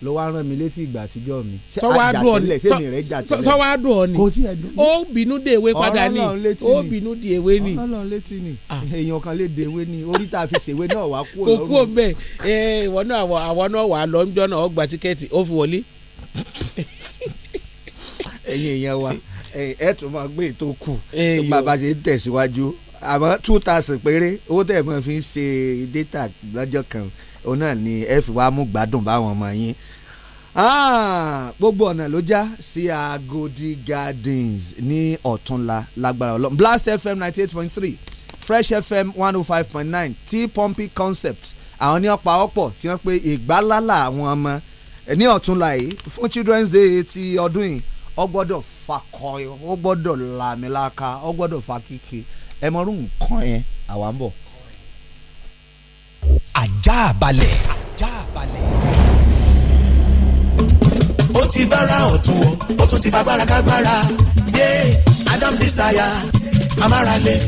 ló wá rán mi létí ìgbà àtijọ́ mi. sọwádùn ọ ni sọwádùn ọ ni ó bínú de ewé padà ni ó bínú de ewé ni. ọlọ́run létí ni ah. èèyàn kan lè de ewé ni orí tá a fi ṣèwé náà wá kú ọlọ́run. kò kú òun bẹ́ẹ̀ ìwọ náà àwọn náà wà á lọ ń jọ náà ó gba tíkẹ́ẹ̀tì ó fi wọlé. ẹ̀yin èèyàn wa ẹ tún máa gbé ètò kù bàbá ṣe ń tẹ̀síwájú àmọ́ two thousand péré owó tẹ̀ mọ́ fi ń ṣe data lọ́jọ́ kan òun náà ni ẹ fi wá mú gbádùn báwọn ọmọ yín ah, gbogbo ọ̀nà ló já sí Agodi Gardens ní ọ̀túnla lágbára ọlọ́run Blast FM ninety eight point three Fresh FM one oh five point nine Tea Pumpy Concept àwọn ní ọ̀pá ọ̀pọ̀ tí wọ́n pe ìgbálálà àwọn ọmọ ní ọ̀túnla yìí fún Children's Day ti ọdún yìí ó gbọ́dọ̀ fakọyọ ó gbọ́dọ̀ làmìlaka ó gbọ́dọ̀ fakíkì ẹ mọ̀ọ́rù nǹkan yẹn àwa ń bọ̀ ajá balẹ̀. ajá balẹ̀. ó ti bára ọ̀tún ó tún ti fagbára kágbára yé yeah. Adams desire amárale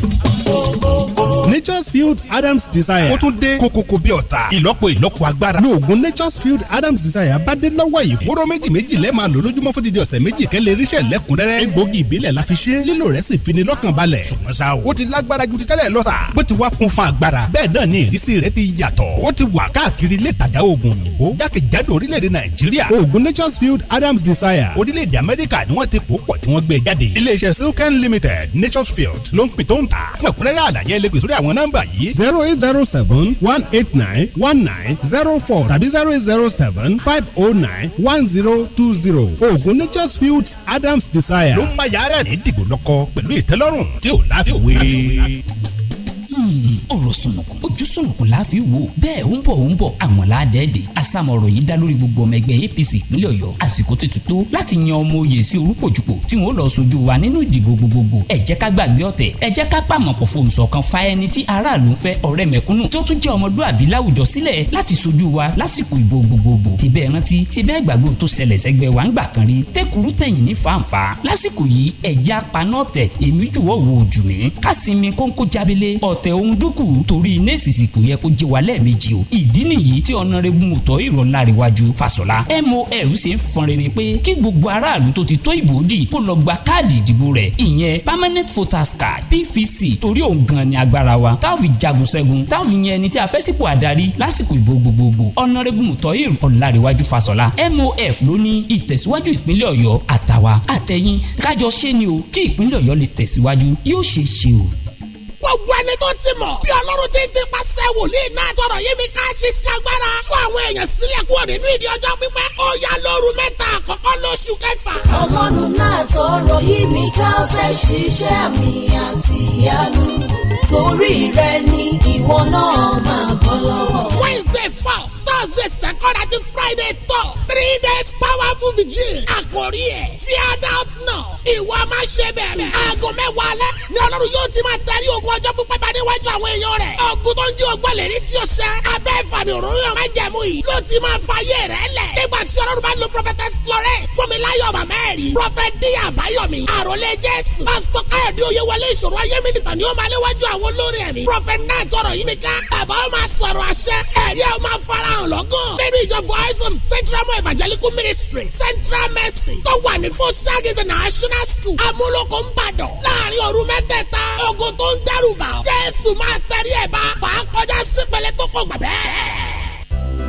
nature's field adams desire. ó tún dé kókókó bí ọ̀tá ìlọ́po ìlọ́po agbára. lóògùn nature's field adams desire bá dé lọ́wọ́ yìí. wóró méjì méjì lẹ́ẹ̀ máa lò lójúmọ́ fún dídí ọ̀sẹ̀ méjì kẹ́lẹ́ irísẹ́ lẹ́kùnrẹ́rẹ́. egbògi ìbílẹ̀ la fi ṣe lílò rẹ̀ sì fi ni lọ́kàn balẹ̀. ṣùgbọ́n sa o ó ti lágbára ju ti tẹ́lẹ̀ lọ sa. bó ti wá kún fún agbára bẹ́ẹ̀ náà ni ìrísí nature's field adams desire. orílẹ̀-èdè amẹ́ríkà ni wọ́n ti pòpọ̀ tí wọ́n gbé limited nature's field out ló ń pè ń tà. fún ẹ̀kúnrẹ́rẹ́ àlàyé ẹ lè pè sórí àwọn nọ́mbà yìí. zero eight zero seven one eight nine one nine zero four tàbí zero eight zero seven five oh nine one zero two zero. oògùn nature's fields Adams Desire. ló ń bá yàrá rẹ̀ dìgbò lọ́kọ pẹ̀lú ìtẹ́lọ́rùn tí ò láfiwé ọ̀rọ̀ sùnùkùn ojú sùnùkùn la fi wò bẹ́ẹ̀ ń bọ̀ ń bọ̀ àwọn ládẹ́ẹ̀dẹ́ àsàmọ̀rọ̀ yìí dá lórí gbogbo ọmọ ẹgbẹ́ APC ìpínlẹ̀ Ọ̀yọ́ àsìkò tètè tó láti yan ọmọ oyè sí orúkòjúpò tí wọ́n lọ sojú wa nínú ìdìbò gbogbogbò ẹ jẹ́ ká gbàgbé ọ̀tẹ̀ ẹ jẹ́ ká pàmò pọ̀ fún ìṣọ̀kan fa ẹni tí aráàlú ń fẹ́ ọ̀rẹ́ mẹ̀kúnnù tó tún jẹ́ wa lásìkò ìbò gbogbogbò tìbẹ̀ ọ̀tẹ̀ ọ̀tẹ̀ ohun dúkù torí iná ìsìsì kò yẹ kó jẹ́ wa lẹ́ẹ̀mejì o ìdí nìyí tí ọ̀nàrẹ́bù mọ̀tọ́ ìrọ̀láríwájú Fáṣọlá MOF ṣe ń fọn rere pé kí gbogbo aráàlú tó ti tó ìbò dì kó lọ gba káàdì ìdìbò rẹ̀ ìyẹn permanent voters card PVC torí òun gan ni agbára wa tá a fi jagun ṣẹ́gun tá a fi yan ẹni tí a fẹ́ sípò àdarí lásìkò ìbò gbogbogbò ọ̀nàrẹ́bù mọ̀tọ́ ìrọ̀láríwájú Fáṣọlá MOF ló ní ìtẹ̀síwájú ìpínlẹ̀ Ọ̀yọ́ àtàwa àtẹ̀yìn kájọ ṣe ni o kí ìpínlẹ̀ Ọ̀yọ́ lè tẹ̀síwájú yóò ṣe ṣe o gbogbo ẹni tó ti mọ̀ bí ọlọ́run ti ń ti pàṣẹ wòlíì náà tọrọ yé ká ṣiṣẹ́ agbára fún àwọn èèyàn sílẹ̀ kúrò nínú ìdí ọjọ́ pípẹ́ ó yá lóru mẹ́ta àkọ́kọ́ lóṣù kẹfà. ọlọ́run náà tọrọ yé ká fẹ́ ṣiṣẹ́ mi àti ìyanu torí rẹ ni ìwọ náà máa bọ́ lọ́wọ́. Wednesday first thursday second àti friday tó three days powerful vigil àkòrí ẹ̀ tear out now ìwọ máa ṣe bẹ̀rẹ̀ aago mẹ́wàá alẹ́ ni ọlọ́run yóò ti máa tẹ̀lé ogun ọjọ́ pípẹ́ bá níwájú àwọn èèyàn rẹ̀ ogun tó ń jí ogbó lè rí tí o ṣe abẹ́ ìfàmì òróró yóò máa jẹ̀mú yìí ló ti máa fa ayé rẹ̀ lẹ̀ nígbà tí ọlọ́run bá lo prophetess florence fúnmiláyọ̀ bàbá ẹ̀rí prophet d àbáyọ̀mí àròlé jésù pásítọ̀ káyọ̀dé oyewọlé ìṣòro ayé mi nìkan ni ó máa léwájú àwọn olórin ẹ̀mí prophet náà tọrọ yìí mi ká bàbá ó máa sọ̀rọ̀ àṣẹ ẹ̀rí ẹ̀ ó máa farahàn lọ́gàn nínú ìjọ voice of central mo evangelical ministry central mercy tó wà ní fún sag international school amúlòkó ńbàdàn láàrin òru mẹ́tẹ̀ẹ̀ta ogun tó ń dẹ́rù bà jésù máa tẹ̀rí ẹ̀ bá wàá kọjá sípẹ̀lẹ̀ tó kọ̀ gbàgbẹ́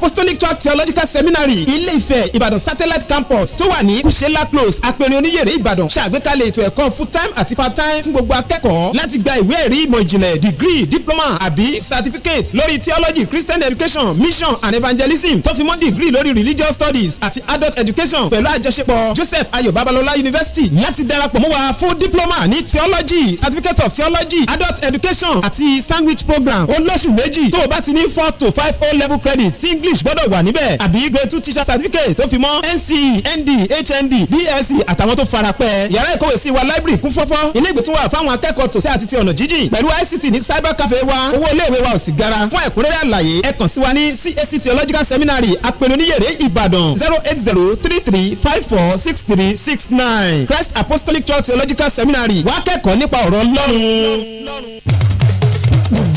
apostolic church theological seminary ilé ifẹ̀ ìbàdàn satellite campus tó wà ní kùsẹ́lá close apẹ̀rẹ̀ oníyèrè ìbàdàn ṣàgbékalẹ̀ ètò ẹ̀kọ́ full time àti part time fún gbogbo akẹ́kọ̀ọ́ láti gba ìwé ẹ̀rí ìmọ̀ ìjìnlẹ̀ degree diploma àbí certificate lórí theology christian education mission and evangelism tó fi mọ́ degree lórí religious studies àti adult education pẹ̀lú àjọṣepọ̀ joseph ayo babalọla university láti darapọ̀ mọ́ wa fún diploma ní theology certificate of theology adult education àti sandwich program olóṣù méjì tó o bá ti ní four to five o level credit ti english english gbọ́dọ̀ wà níbẹ̀ àbí grade two teacher certificate tó fi mọ́ nce nd hnd bsc àtàwọn tó farapẹ́ yàrá ìkọ́wé sí wa library kún fọ́fọ́ ilé ìgbé tó wà fáwọn akẹ́kọ̀ọ́ tòsí àti ti ọ̀nà jíjìn pẹ̀lú ict ní cyber cafe wa owó iléèwé wa ò sì gara fún ẹ̀kúnrẹ́rẹ́ àlàyé ẹ kàn sí wa ní cac theological seminary apẹ̀lú níyèrè ìbàdàn zero eight zero three three five four six three six nine christ apostolic church theological seminary wá kẹ́kọ̀ọ́ nípa ọ̀rọ̀ ọlọ́run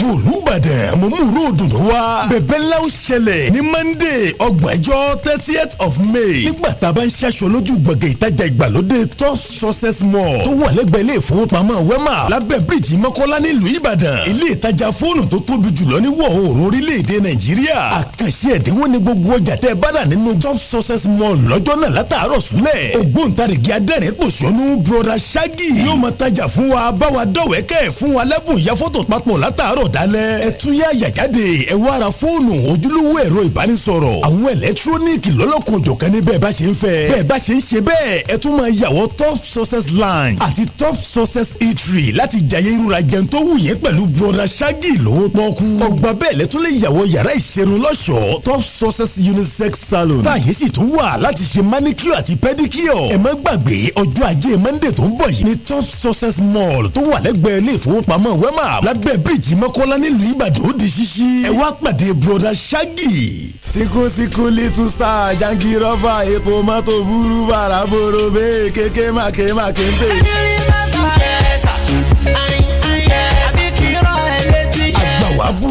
ìlú olùbàdàn mo mú ìró òdùnnú wá bẹ̀bẹ̀ ńlá ó ṣẹlẹ̀ ní monday ọgbọ̀njọ́ thirtieth of may nígbà tá a bá ń ṣaṣọ lójú gbọ̀ngàn ìtajà ìgbàlódé top success mall tó wà lẹ́gbẹ̀ẹ́ ilé ìfowópamọ́ wema lábẹ́ bíríìjì mọ́kọ́lá nílùú ìbàdàn ilé ìtajà fóònù tó tóbi jùlọ ní wọ̀ oòrùn orílẹ̀-èdè nàìjíríà àkànṣe ẹ̀dínwó ní gbogbo ọjà tẹ́ bá rà nínú top success mall lọ́jọ́ náà látàárọ̀ súlẹ̀ ògbóǹtarìgì adẹ́rẹ́ pòṣónú broda shaggy yóò máa tajà fún wa bá wa dọ̀wẹ́kẹ̀ fún wa lẹ́bùn ìyá fọ́tò papọ̀ látàárọ̀ dálẹ́ ẹ tún yá yàjáde ẹ wá ra fóònù ojúlówó ẹ̀rọ ìbánisọ̀rọ̀ àwọn ẹlẹ́tírónìkì lọ́lọ́kun jọ̀kan ní bẹ́ẹ̀ bá ṣe ń fẹ́ bẹ́ẹ̀ bá ṣe ń ṣe bẹ́ẹ̀ ẹ tún máa yàwọ̀ top success line àti top success eatery láti jàyè irúra jẹun tó wù yẹn pẹ̀lú broda shaggy lówó pọ́ọ́kú ọgbà bẹ́ẹ̀ lẹ́tún lè yàwọ̀ yàrá ìṣerun lọ́ṣọ̀ọ́ top success unisex salon táyé monday tó ń bọ̀ yìí ní top success mall tó wà lẹ́gbẹ̀ẹ́ ilé ìfowópamọ́ wema lábẹ́ bíríìjì mọ́kọ́ kọ́lá nílùú ìbàdàn ó di ṣíṣí ẹ wá pàdé broda shaggy. tíkútíkú little star jangirofa epo mọ́tò burú bàrà boro bẹ́ẹ̀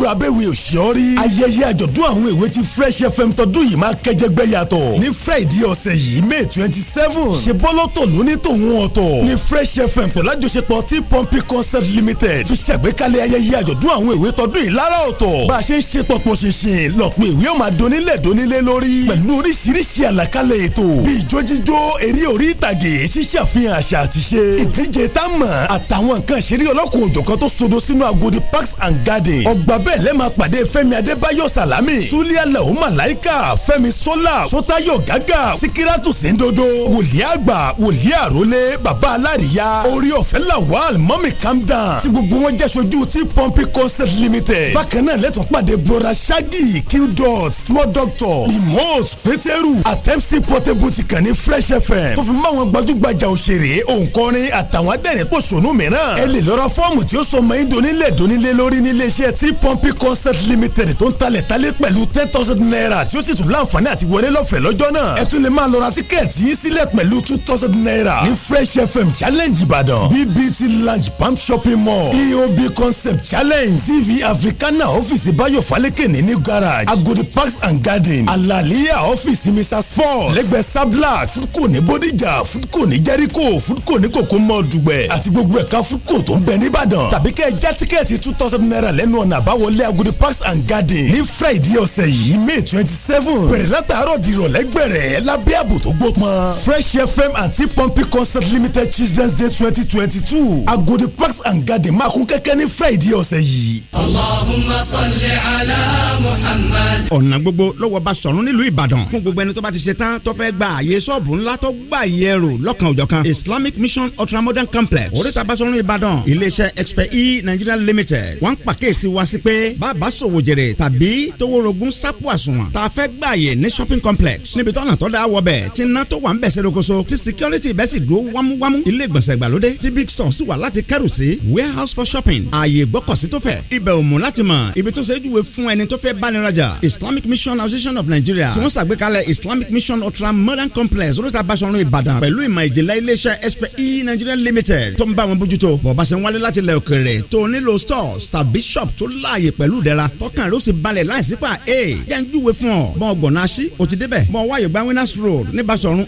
àdúrà bẹ́ẹ̀wé òṣìṣẹ́ rí. ayẹyẹ àjọ̀dún àwọn èwe ti fresh fm tọdún yìí máa kẹjẹgbẹ́ yàtọ̀ ní friday ọ̀sẹ̀ yìí may twenty seven ṣe bọ́lọ́tọ̀ lóní tòun ọ̀tọ̀ ní fresh fm pẹ̀lú àjọṣepọ̀ tí pọ́ǹpì concept limited fi ṣàgbékalẹ̀ ayẹyẹ àjọ̀dún àwọn èwe tọdún yìí lára ọ̀tọ̀ bá a ṣe ń ṣe pọ̀pọ̀ ṣinṣin lọ́pọ̀ èwe ó máa donílẹ̀ donílé lórí pẹ̀lú oríṣiríṣi àlàkalẹ̀ ètò bíi jójíjó eré orí ìtàgé ṣíṣàfihàn àṣà àtiṣe ìdíje táwọn àtàwọn nǹkan ìṣeré ọlọ́kùnrin òjọ̀kan tó sodo sínú Agodi Parks and Garden ọgbà bẹ́ẹ̀ níbẹ̀ lẹ́ẹ̀ máa pàdé fẹ́mi adébáyọ̀ sàlámì súlíà lẹ́hùn màláìkà fẹ́mi sọ́là sọ́tayọ̀ gàgà síkírátù síndodo wòlíì àgbà wòlíì àrólé bàbá alárìíyá orí ọ̀fẹ́ lawal mọ́mì calm down tí gbogbo wọn jẹ́ sojú tí pọ́ǹpì concert limited bákan náà lẹ́tọ̀ pàdé bora shaggy qdot small doctor remote peteru atẹ́msì portable ti kàn ní fresh fm tó fi mọ́ àwọn gbajúgbajà òṣèré òǹkọrin àtàwọn adẹ́rìn pòṣónú mìíràn ẹ lè lọ ra fọ́ọ̀mù tí ó sọ mọ́ ẹ́ donílẹ̀ donílẹ̀ lórí níléeṣẹ́ tí pọ́ǹp Happy Concert Limited tó ń talẹ̀ talẹ̀ pẹ̀lú ten thousand naira tí ó sì tún láǹfààní àti wọlé lọ́fẹ̀ẹ́ lọ́jọ́ náà ẹ tún lè máa lọ ra tíkẹ́ẹ̀tì yín sílẹ̀ pẹ̀lú two thousand naira ní Fresh FM challenge Ìbàdàn BBT lounge palm shopping mall EOB concept challenge TV Africana ọ́fíìsì Báyọ̀ Fálékèní ní garage Agodi parks and garden Alaliya ọ́fíìsì Mr Sport lẹ́gbẹ̀ẹ́ Sabla Foodco ní Bódìjà Foodco ní Jẹ́ríkò Foodco ní Kòkó mall Dùgbẹ̀ àti gbogbo ẹ̀ka Foodco tó ń bẹ ní Ìbàdàn tàbí kẹ́ ẹ já tíkẹ́ẹ̀tì two thousand naira lẹ́nu ọ̀nà àbáwọ wọlé Agodi Parks and Garden ní Friday ọ̀sẹ̀ yìí May twenty seven bẹ̀rẹ̀ látàárọ̀ di ìrọ̀lẹ́ gbẹ̀rẹ̀ lábẹ́ ààbò tó gbópọn. Fresh FM and Pompi Concert Limited Children's Day twenty twenty two Agodi Parks and Garden máa kún kẹ́kẹ́ ní Friday ọ̀sẹ̀ yìí. Allahumma salli ala Muhammad. Ọ̀nà gbogbo lọ́wọ́ bá sọ̀rún nílùú Ìbàdàn fún gbogbo ẹni tó bá ti ṣe tán tó fẹ́ gba àyè ṣọ́ọ̀bù ńlá tó gbà yẹ rò lọ́kàn òjọ̀kan Islamic Mission Ultramodern Complex oríta bá sọ̀rún Ìbàdàn iléeṣẹ́ Expert E Nigeria Limited wọ́n ń pàkíyèsí wa sí pé pé bàbá ṣòwò jèrè tàbí toworogun sápò àsùnwọ̀n tá a fẹ́ gbà yẹ ní shopping complex níbi tọ́nà tọ́da wọ bẹ̀ tí iná tó wà ń bẹ̀ ṣe rokoṣo tí security bẹ́ẹ̀ sì dúró wámúwámú ilé ìgbọ̀nsẹ̀ ìgbàlódé tí big store sì wà láti kẹ́rù sí warehouse for shopping ààyè gbọ́kọ̀sí tó fẹ̀ ibẹ̀ ò mú láti mọ̀ ibi tó ṣe júwe fún ẹni tó fẹ́ báni Islamic Mission Association of Nigeria tí wọ́n ṣàgbékalẹ̀ Islamic Mission Ultra Modern Complex olóòtú abáṣọrun Ìbàdàn pẹ̀lú ìmọ̀ ìjìnlẹ̀ iléeṣẹ́ SPE Nigeria Limited tó ń bá wọn bójútó bọ̀ bá ṣe ń wálé láti ilẹ̀ òkèèrè tó nílò stores tàbí shop tó láàyè ààyè pẹ̀lú ìdẹ̀ra tọkàn rẹ ó sì balẹ̀ láìsí pa e jẹ́ fún ọ mọ ọgbọ̀nà aṣí o ti débẹ̀ mọ wáyé gba winners road ní Basọ̀run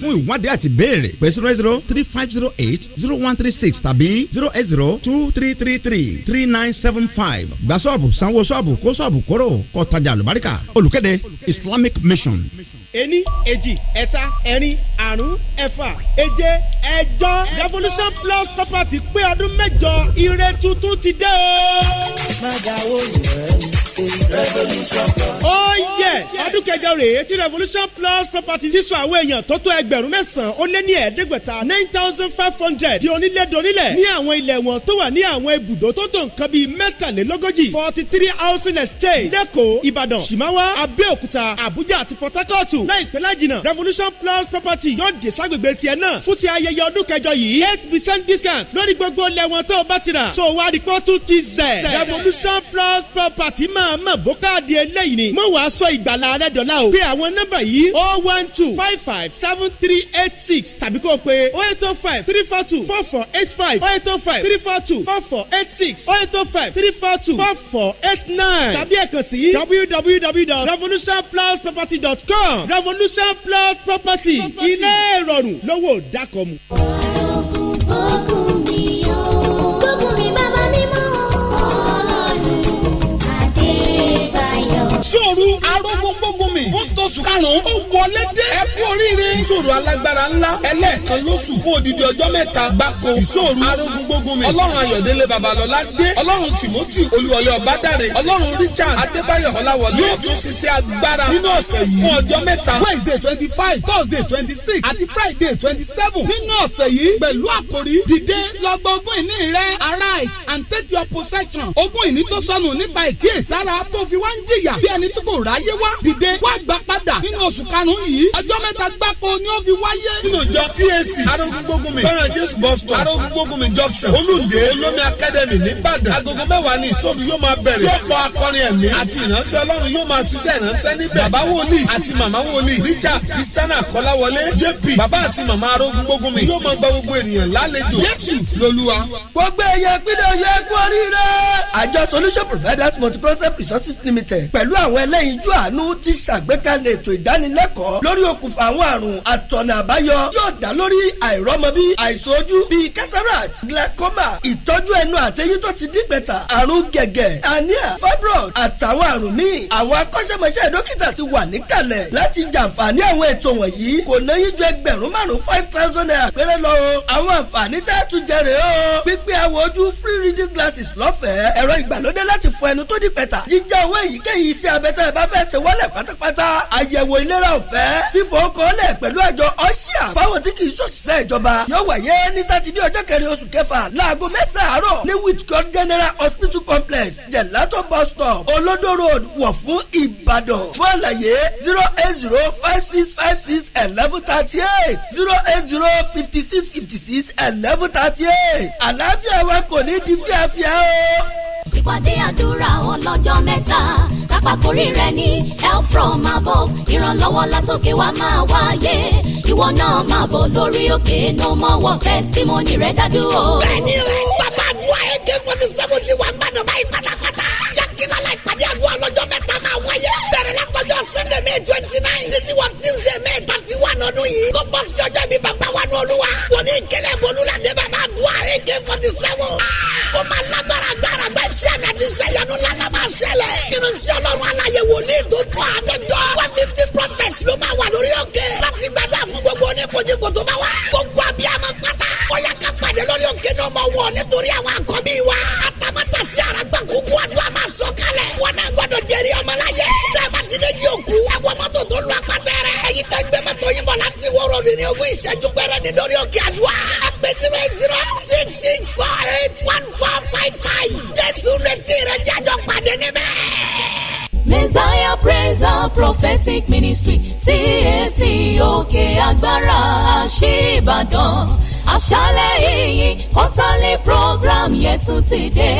fún ìwádìí àti béèrè pé zero zero three five zero eight zero one three six tàbí zero eight zero two three three three three nine seven five gba sanwó sọ́ọ̀bù kó sọ́ọ̀bù kóró kọ́ tajà lùbáríkà olùkéde Islamic Mission ení èjì ẹ̀ta ẹ̀rin àrún ẹ̀fà èje ẹ̀jọ revolution plus property pé ọdún mẹ́jọ ire tuntun ti dé o. má dáwọ́ ìrẹ́ni oh yes ọdún kẹjọ rèé tí revolution plus property ti sọ àwọn èèyàn tó tó ẹgbẹ̀rún mẹ́sàn-án ó lé ní ẹ̀ẹ́dẹ́gbẹ̀ta nine thousand five hundred di onílẹ̀dọ́nílẹ̀ ní àwọn ilẹ̀ wọn tó wà ní àwọn ibùdó tó tó nǹkan bíi mẹ́tàlélógójì forty three housing estate lẹ́kọ̀ọ́ ìbàdàn ṣìmáwá abẹ́òkúta Abuja àti port harcourt láìpẹ́ lájìnà revolution plus property yóò dé ságbègbè tiẹ̀ náà fún ti ayẹyẹ ọdún kẹjọ yìí eight percent discount lórí gbogbo ilẹ̀ wọn tó o bá so wá rí pọ́tù ti zẹ̀ revolution plus property máa máa mọ̀ bó káàdì eléyìí ni mo wàá sọ ìgbàlá rẹ dọ̀la o pé àwọn nọ́mbà yìí o one two five five seven three eight six tàbí kó o Oh eight oh five three four two four four eight five Oh eight oh five three four two four four eight six Oh eight oh five three four two four four eight nine tàbí ẹ kàn sí www.revolutionplusproperty.com RevolutionPlusProperty. plus property ilé ìrọ̀rùn lówó dákọ̀mu. oṣù karùn-ún ó wọlé dé. ẹ kú oríire. ìṣòro alágbára ńlá ẹlẹ́ẹ̀kan lóṣù fún odidi ọjọ́ mẹ́ta gbáko. ìṣòro arógun gbógun mi. ọlọ́run ayọ̀délé babalọ́lá dé. ọlọ́run timothy olúwọlé ọ̀bádàrẹ. ọlọ́run richard adébáyọ̀ ọláwọlé. yóò tún ṣiṣẹ́ agbára nínú ọ̀sẹ̀ yìí. fún ọjọ́ mẹ́ta. wednesday twenty five thursday twenty six àti friday twenty seven nínú ọ̀sẹ̀ yìí pẹ̀lú àkòrí dìde lọ́gbọ̀gún arise and take your possession. ogún ìní tó sọnù nípa ìkíyèsára tó fi wá ń jìyà bí ẹni tó kò ráyé wá dìde wá gbà padà dà nínú oṣù karùn yìí ọjọ́ mẹ́ta gbáko ni ó fi wáyé. nínú ìjọ CAC arógúngbógunmi fẹ́ràn bus stop arógúngbógunmi junction olùdé olómi academy nìbàdàn agogo mẹ́wàá ni ìsọdù yóò máa bẹ̀rẹ̀ tí akọrin ẹ̀mí àti ìránṣẹ́ ọlọ́run yóò máa ṣiṣẹ́ ìránṣẹ́ níbẹ̀ bàbá wòlíì àti màmá wòlíì richard christiana kọ́láwọlé jp bàbá àti màmá arógúngbógunmi yóò máa gba gbogbo ènìyàn lálejò jésù lolúwa. gbogbo èèyàn ìpínlẹ̀ ọ̀yọ́ ẹ̀kú oríire. àjọ solution providers multi-concept resources limited pẹ̀lú àwọn ẹlẹ́yinjú àánú ti ṣàgbékalẹ̀ ètò ìdánilẹ́kọ̀ọ́ lórí okùnfà àwọn àrùn àtọ̀nà àbáyọ yóò dá lórí àìrọ́mọbí àìsàn ojú bíi cataract glaucoma ìtọ́jú ẹnu àtẹyín tó ti dígbẹ̀ta àrùn gẹ̀gẹ̀ hernia fibroid àtàwọn àrùn míì àwọn akọ́ṣẹ́mọṣẹ́ dókítà ti wà níkàlẹ̀ láti jàǹfààní àwọn ètò wọ̀nyí kò náyí ju ẹgbẹ̀rún márùn five thousand naira péré lọ àwọn àǹfààní tẹ́ tún jẹrè àyẹ̀wò ìlera ọ̀fẹ́ fífowókọ́lẹ̀ pẹ̀lú àjọ ọ́ṣíà fáwọn tí kì í ṣòṣìṣẹ́ ìjọba yóò wáyé ní sátidé ọjọ́ kẹrin oṣù kẹfà láago mẹ́sàn-án àárọ̀ ní Whitcourt General Hospital Complex Jelato bus stop Olodo Road Ìwọ̀fún Ìbàdàn fún àlàyé zero eight zero five six five six eleven thirty eight zero eight zero fifty six fifty six eleven thirty eight àlàáfíà wa kò ní di fíafíà o. ìpàdé àdúrà ọlọ́jọ́ mẹ́ta àpapòrí rẹ̀ ní help from above ìrànlọ́wọ́ látòkè wá máa wáyé ìwọ náà máa bọ̀ lórí òkè no more war testimony rẹ̀ dájú o. bẹ́ẹ̀ni o bàbá àdúrà ak forty seven ti wà ń bá dọ̀ báyìí pátápátá yankina la ìpàdé àdúrà lọ́jọ́ mẹ́ta máa wáyé. bẹ̀rẹ̀ látọjọ́ sunday may twenty nine títí wọ tuesday may thirty one ọdún yìí. kó bọ́ sí ọjọ́ mi bàbá wa ní olúwa. wọ́n ní ìkẹlẹ̀ bolúladé bàbá àdúrà ak forty seven. Ah! kó máa lágbára agbára gba iṣẹ́ mi àti iṣẹ́ yanu lánàá máa ṣẹlẹ̀. nínú iṣẹ́ ọlọ́run aláyẹ wòlíì tó tọ́ àdọ́jọ́. one fifty prophet ló máa wà lórí òkè. láti gbàdúrà fún gbogbo oníkojúkò tó bá wà. gbogbo àbí àmọ́ pátá. ó yà ká pàdé lórí òkè náà mọ̀ wọ̀ nítorí àwọn àkọ́bí wa máa ta sí aragba kúkú àdúrà máa sọ kalẹ̀. wọn náà gbọdọ̀ jẹ́rìí ọmọ la yẹ. dábàá ti dé jí òkú. ẹ̀wọ̀n mọ́tò tó lu apátẹ rẹ̀. èyí tẹ gbẹmọ tó yín láti wọ́rọ̀ mi ní ogún ìṣẹ́jú péré ní lórí òkè àdúrà. àgbẹ̀ zero zero six six four eight one four five five. jésù retí rẹ̀ jájọ́ pàdé níbẹ̀. Messiah Praise and Prophetic Ministry CAC Òkè Agbára Àṣìbàdàn àṣálẹ̀ yìí quarterly program yẹn tún ti dé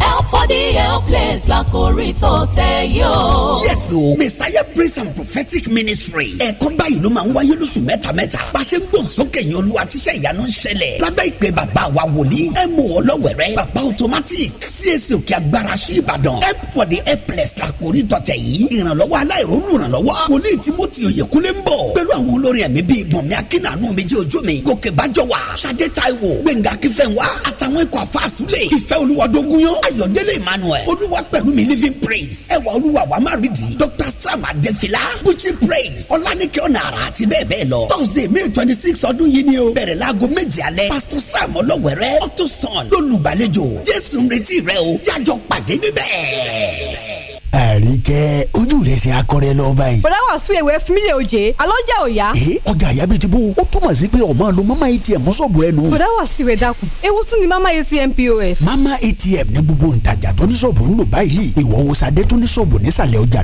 help for the helpless lákòrí tó tẹ yóò. yes o messiah praise and prophetic ministry ẹ̀kọ́ báyìí ló máa ń wáyé lóṣù mẹ́tamẹ́ta bá a ṣe ń gbòǹsókè yín olúwa tíṣẹ́ ìyanu ń ṣẹlẹ̀ lábẹ́ ìpè bàbá wa wòlíì ẹ̀mú ọlọ́wẹ̀rẹ́ bàbá automatic csc òkè agbára sí ìbàdàn help for the helpless lákòrí tó tẹ yìí ìrànlọ́wọ́ aláìrólù ìrànlọ́wọ́ wòlíì timothy oyèkúnlé ń bọ̀ pẹ̀lú àwọn olórin ẹ̀mí bíi bọ̀mí akínàánú mi jẹ́ ojú sade taiwo gbẹ̀ngà kífẹ̀wá àtàwọn ikọ̀ àfàsúlẹ̀ ìfẹ́ olúwadógúnyán ayọ̀délé emmanuel olúwa pẹ̀lú mi living praise ẹwà olúwa wa má rídì dr sam adéfìlà buchi praise ọlánìkẹ́ ọ̀nàrà àti bẹ́ẹ̀ bẹ́ẹ̀ lọ thursday may twenty six ọdún yìí ni o bẹ̀rẹ̀ láago méje alẹ́ pastor sam ọlọ́wẹ̀rẹ́ ọ̀tún sàn lólùgbàlejò jésù ń retí rẹ o jájọ pàdé níbẹ̀ àríkẹ́ ojú rẹ̀ ṣe akọrẹ lọ báyìí. bọ̀dá wà sún ewé fún mi lè oje àlọ́ jà ò yá. ee ọjà àyà bíi ti bó o túmọ̀ sí pé ọmọ lo mama atm mọ́sọ̀bù ẹnu. bọ̀dá wà sí ìwé dákun ewu tún ni mama atm pos. mama atm ní gbogbo ntajà tó ní sọ̀bù ń lò báyìí ìwọ wo sadé tó ní sọ̀bù nísàlẹ̀ ọjà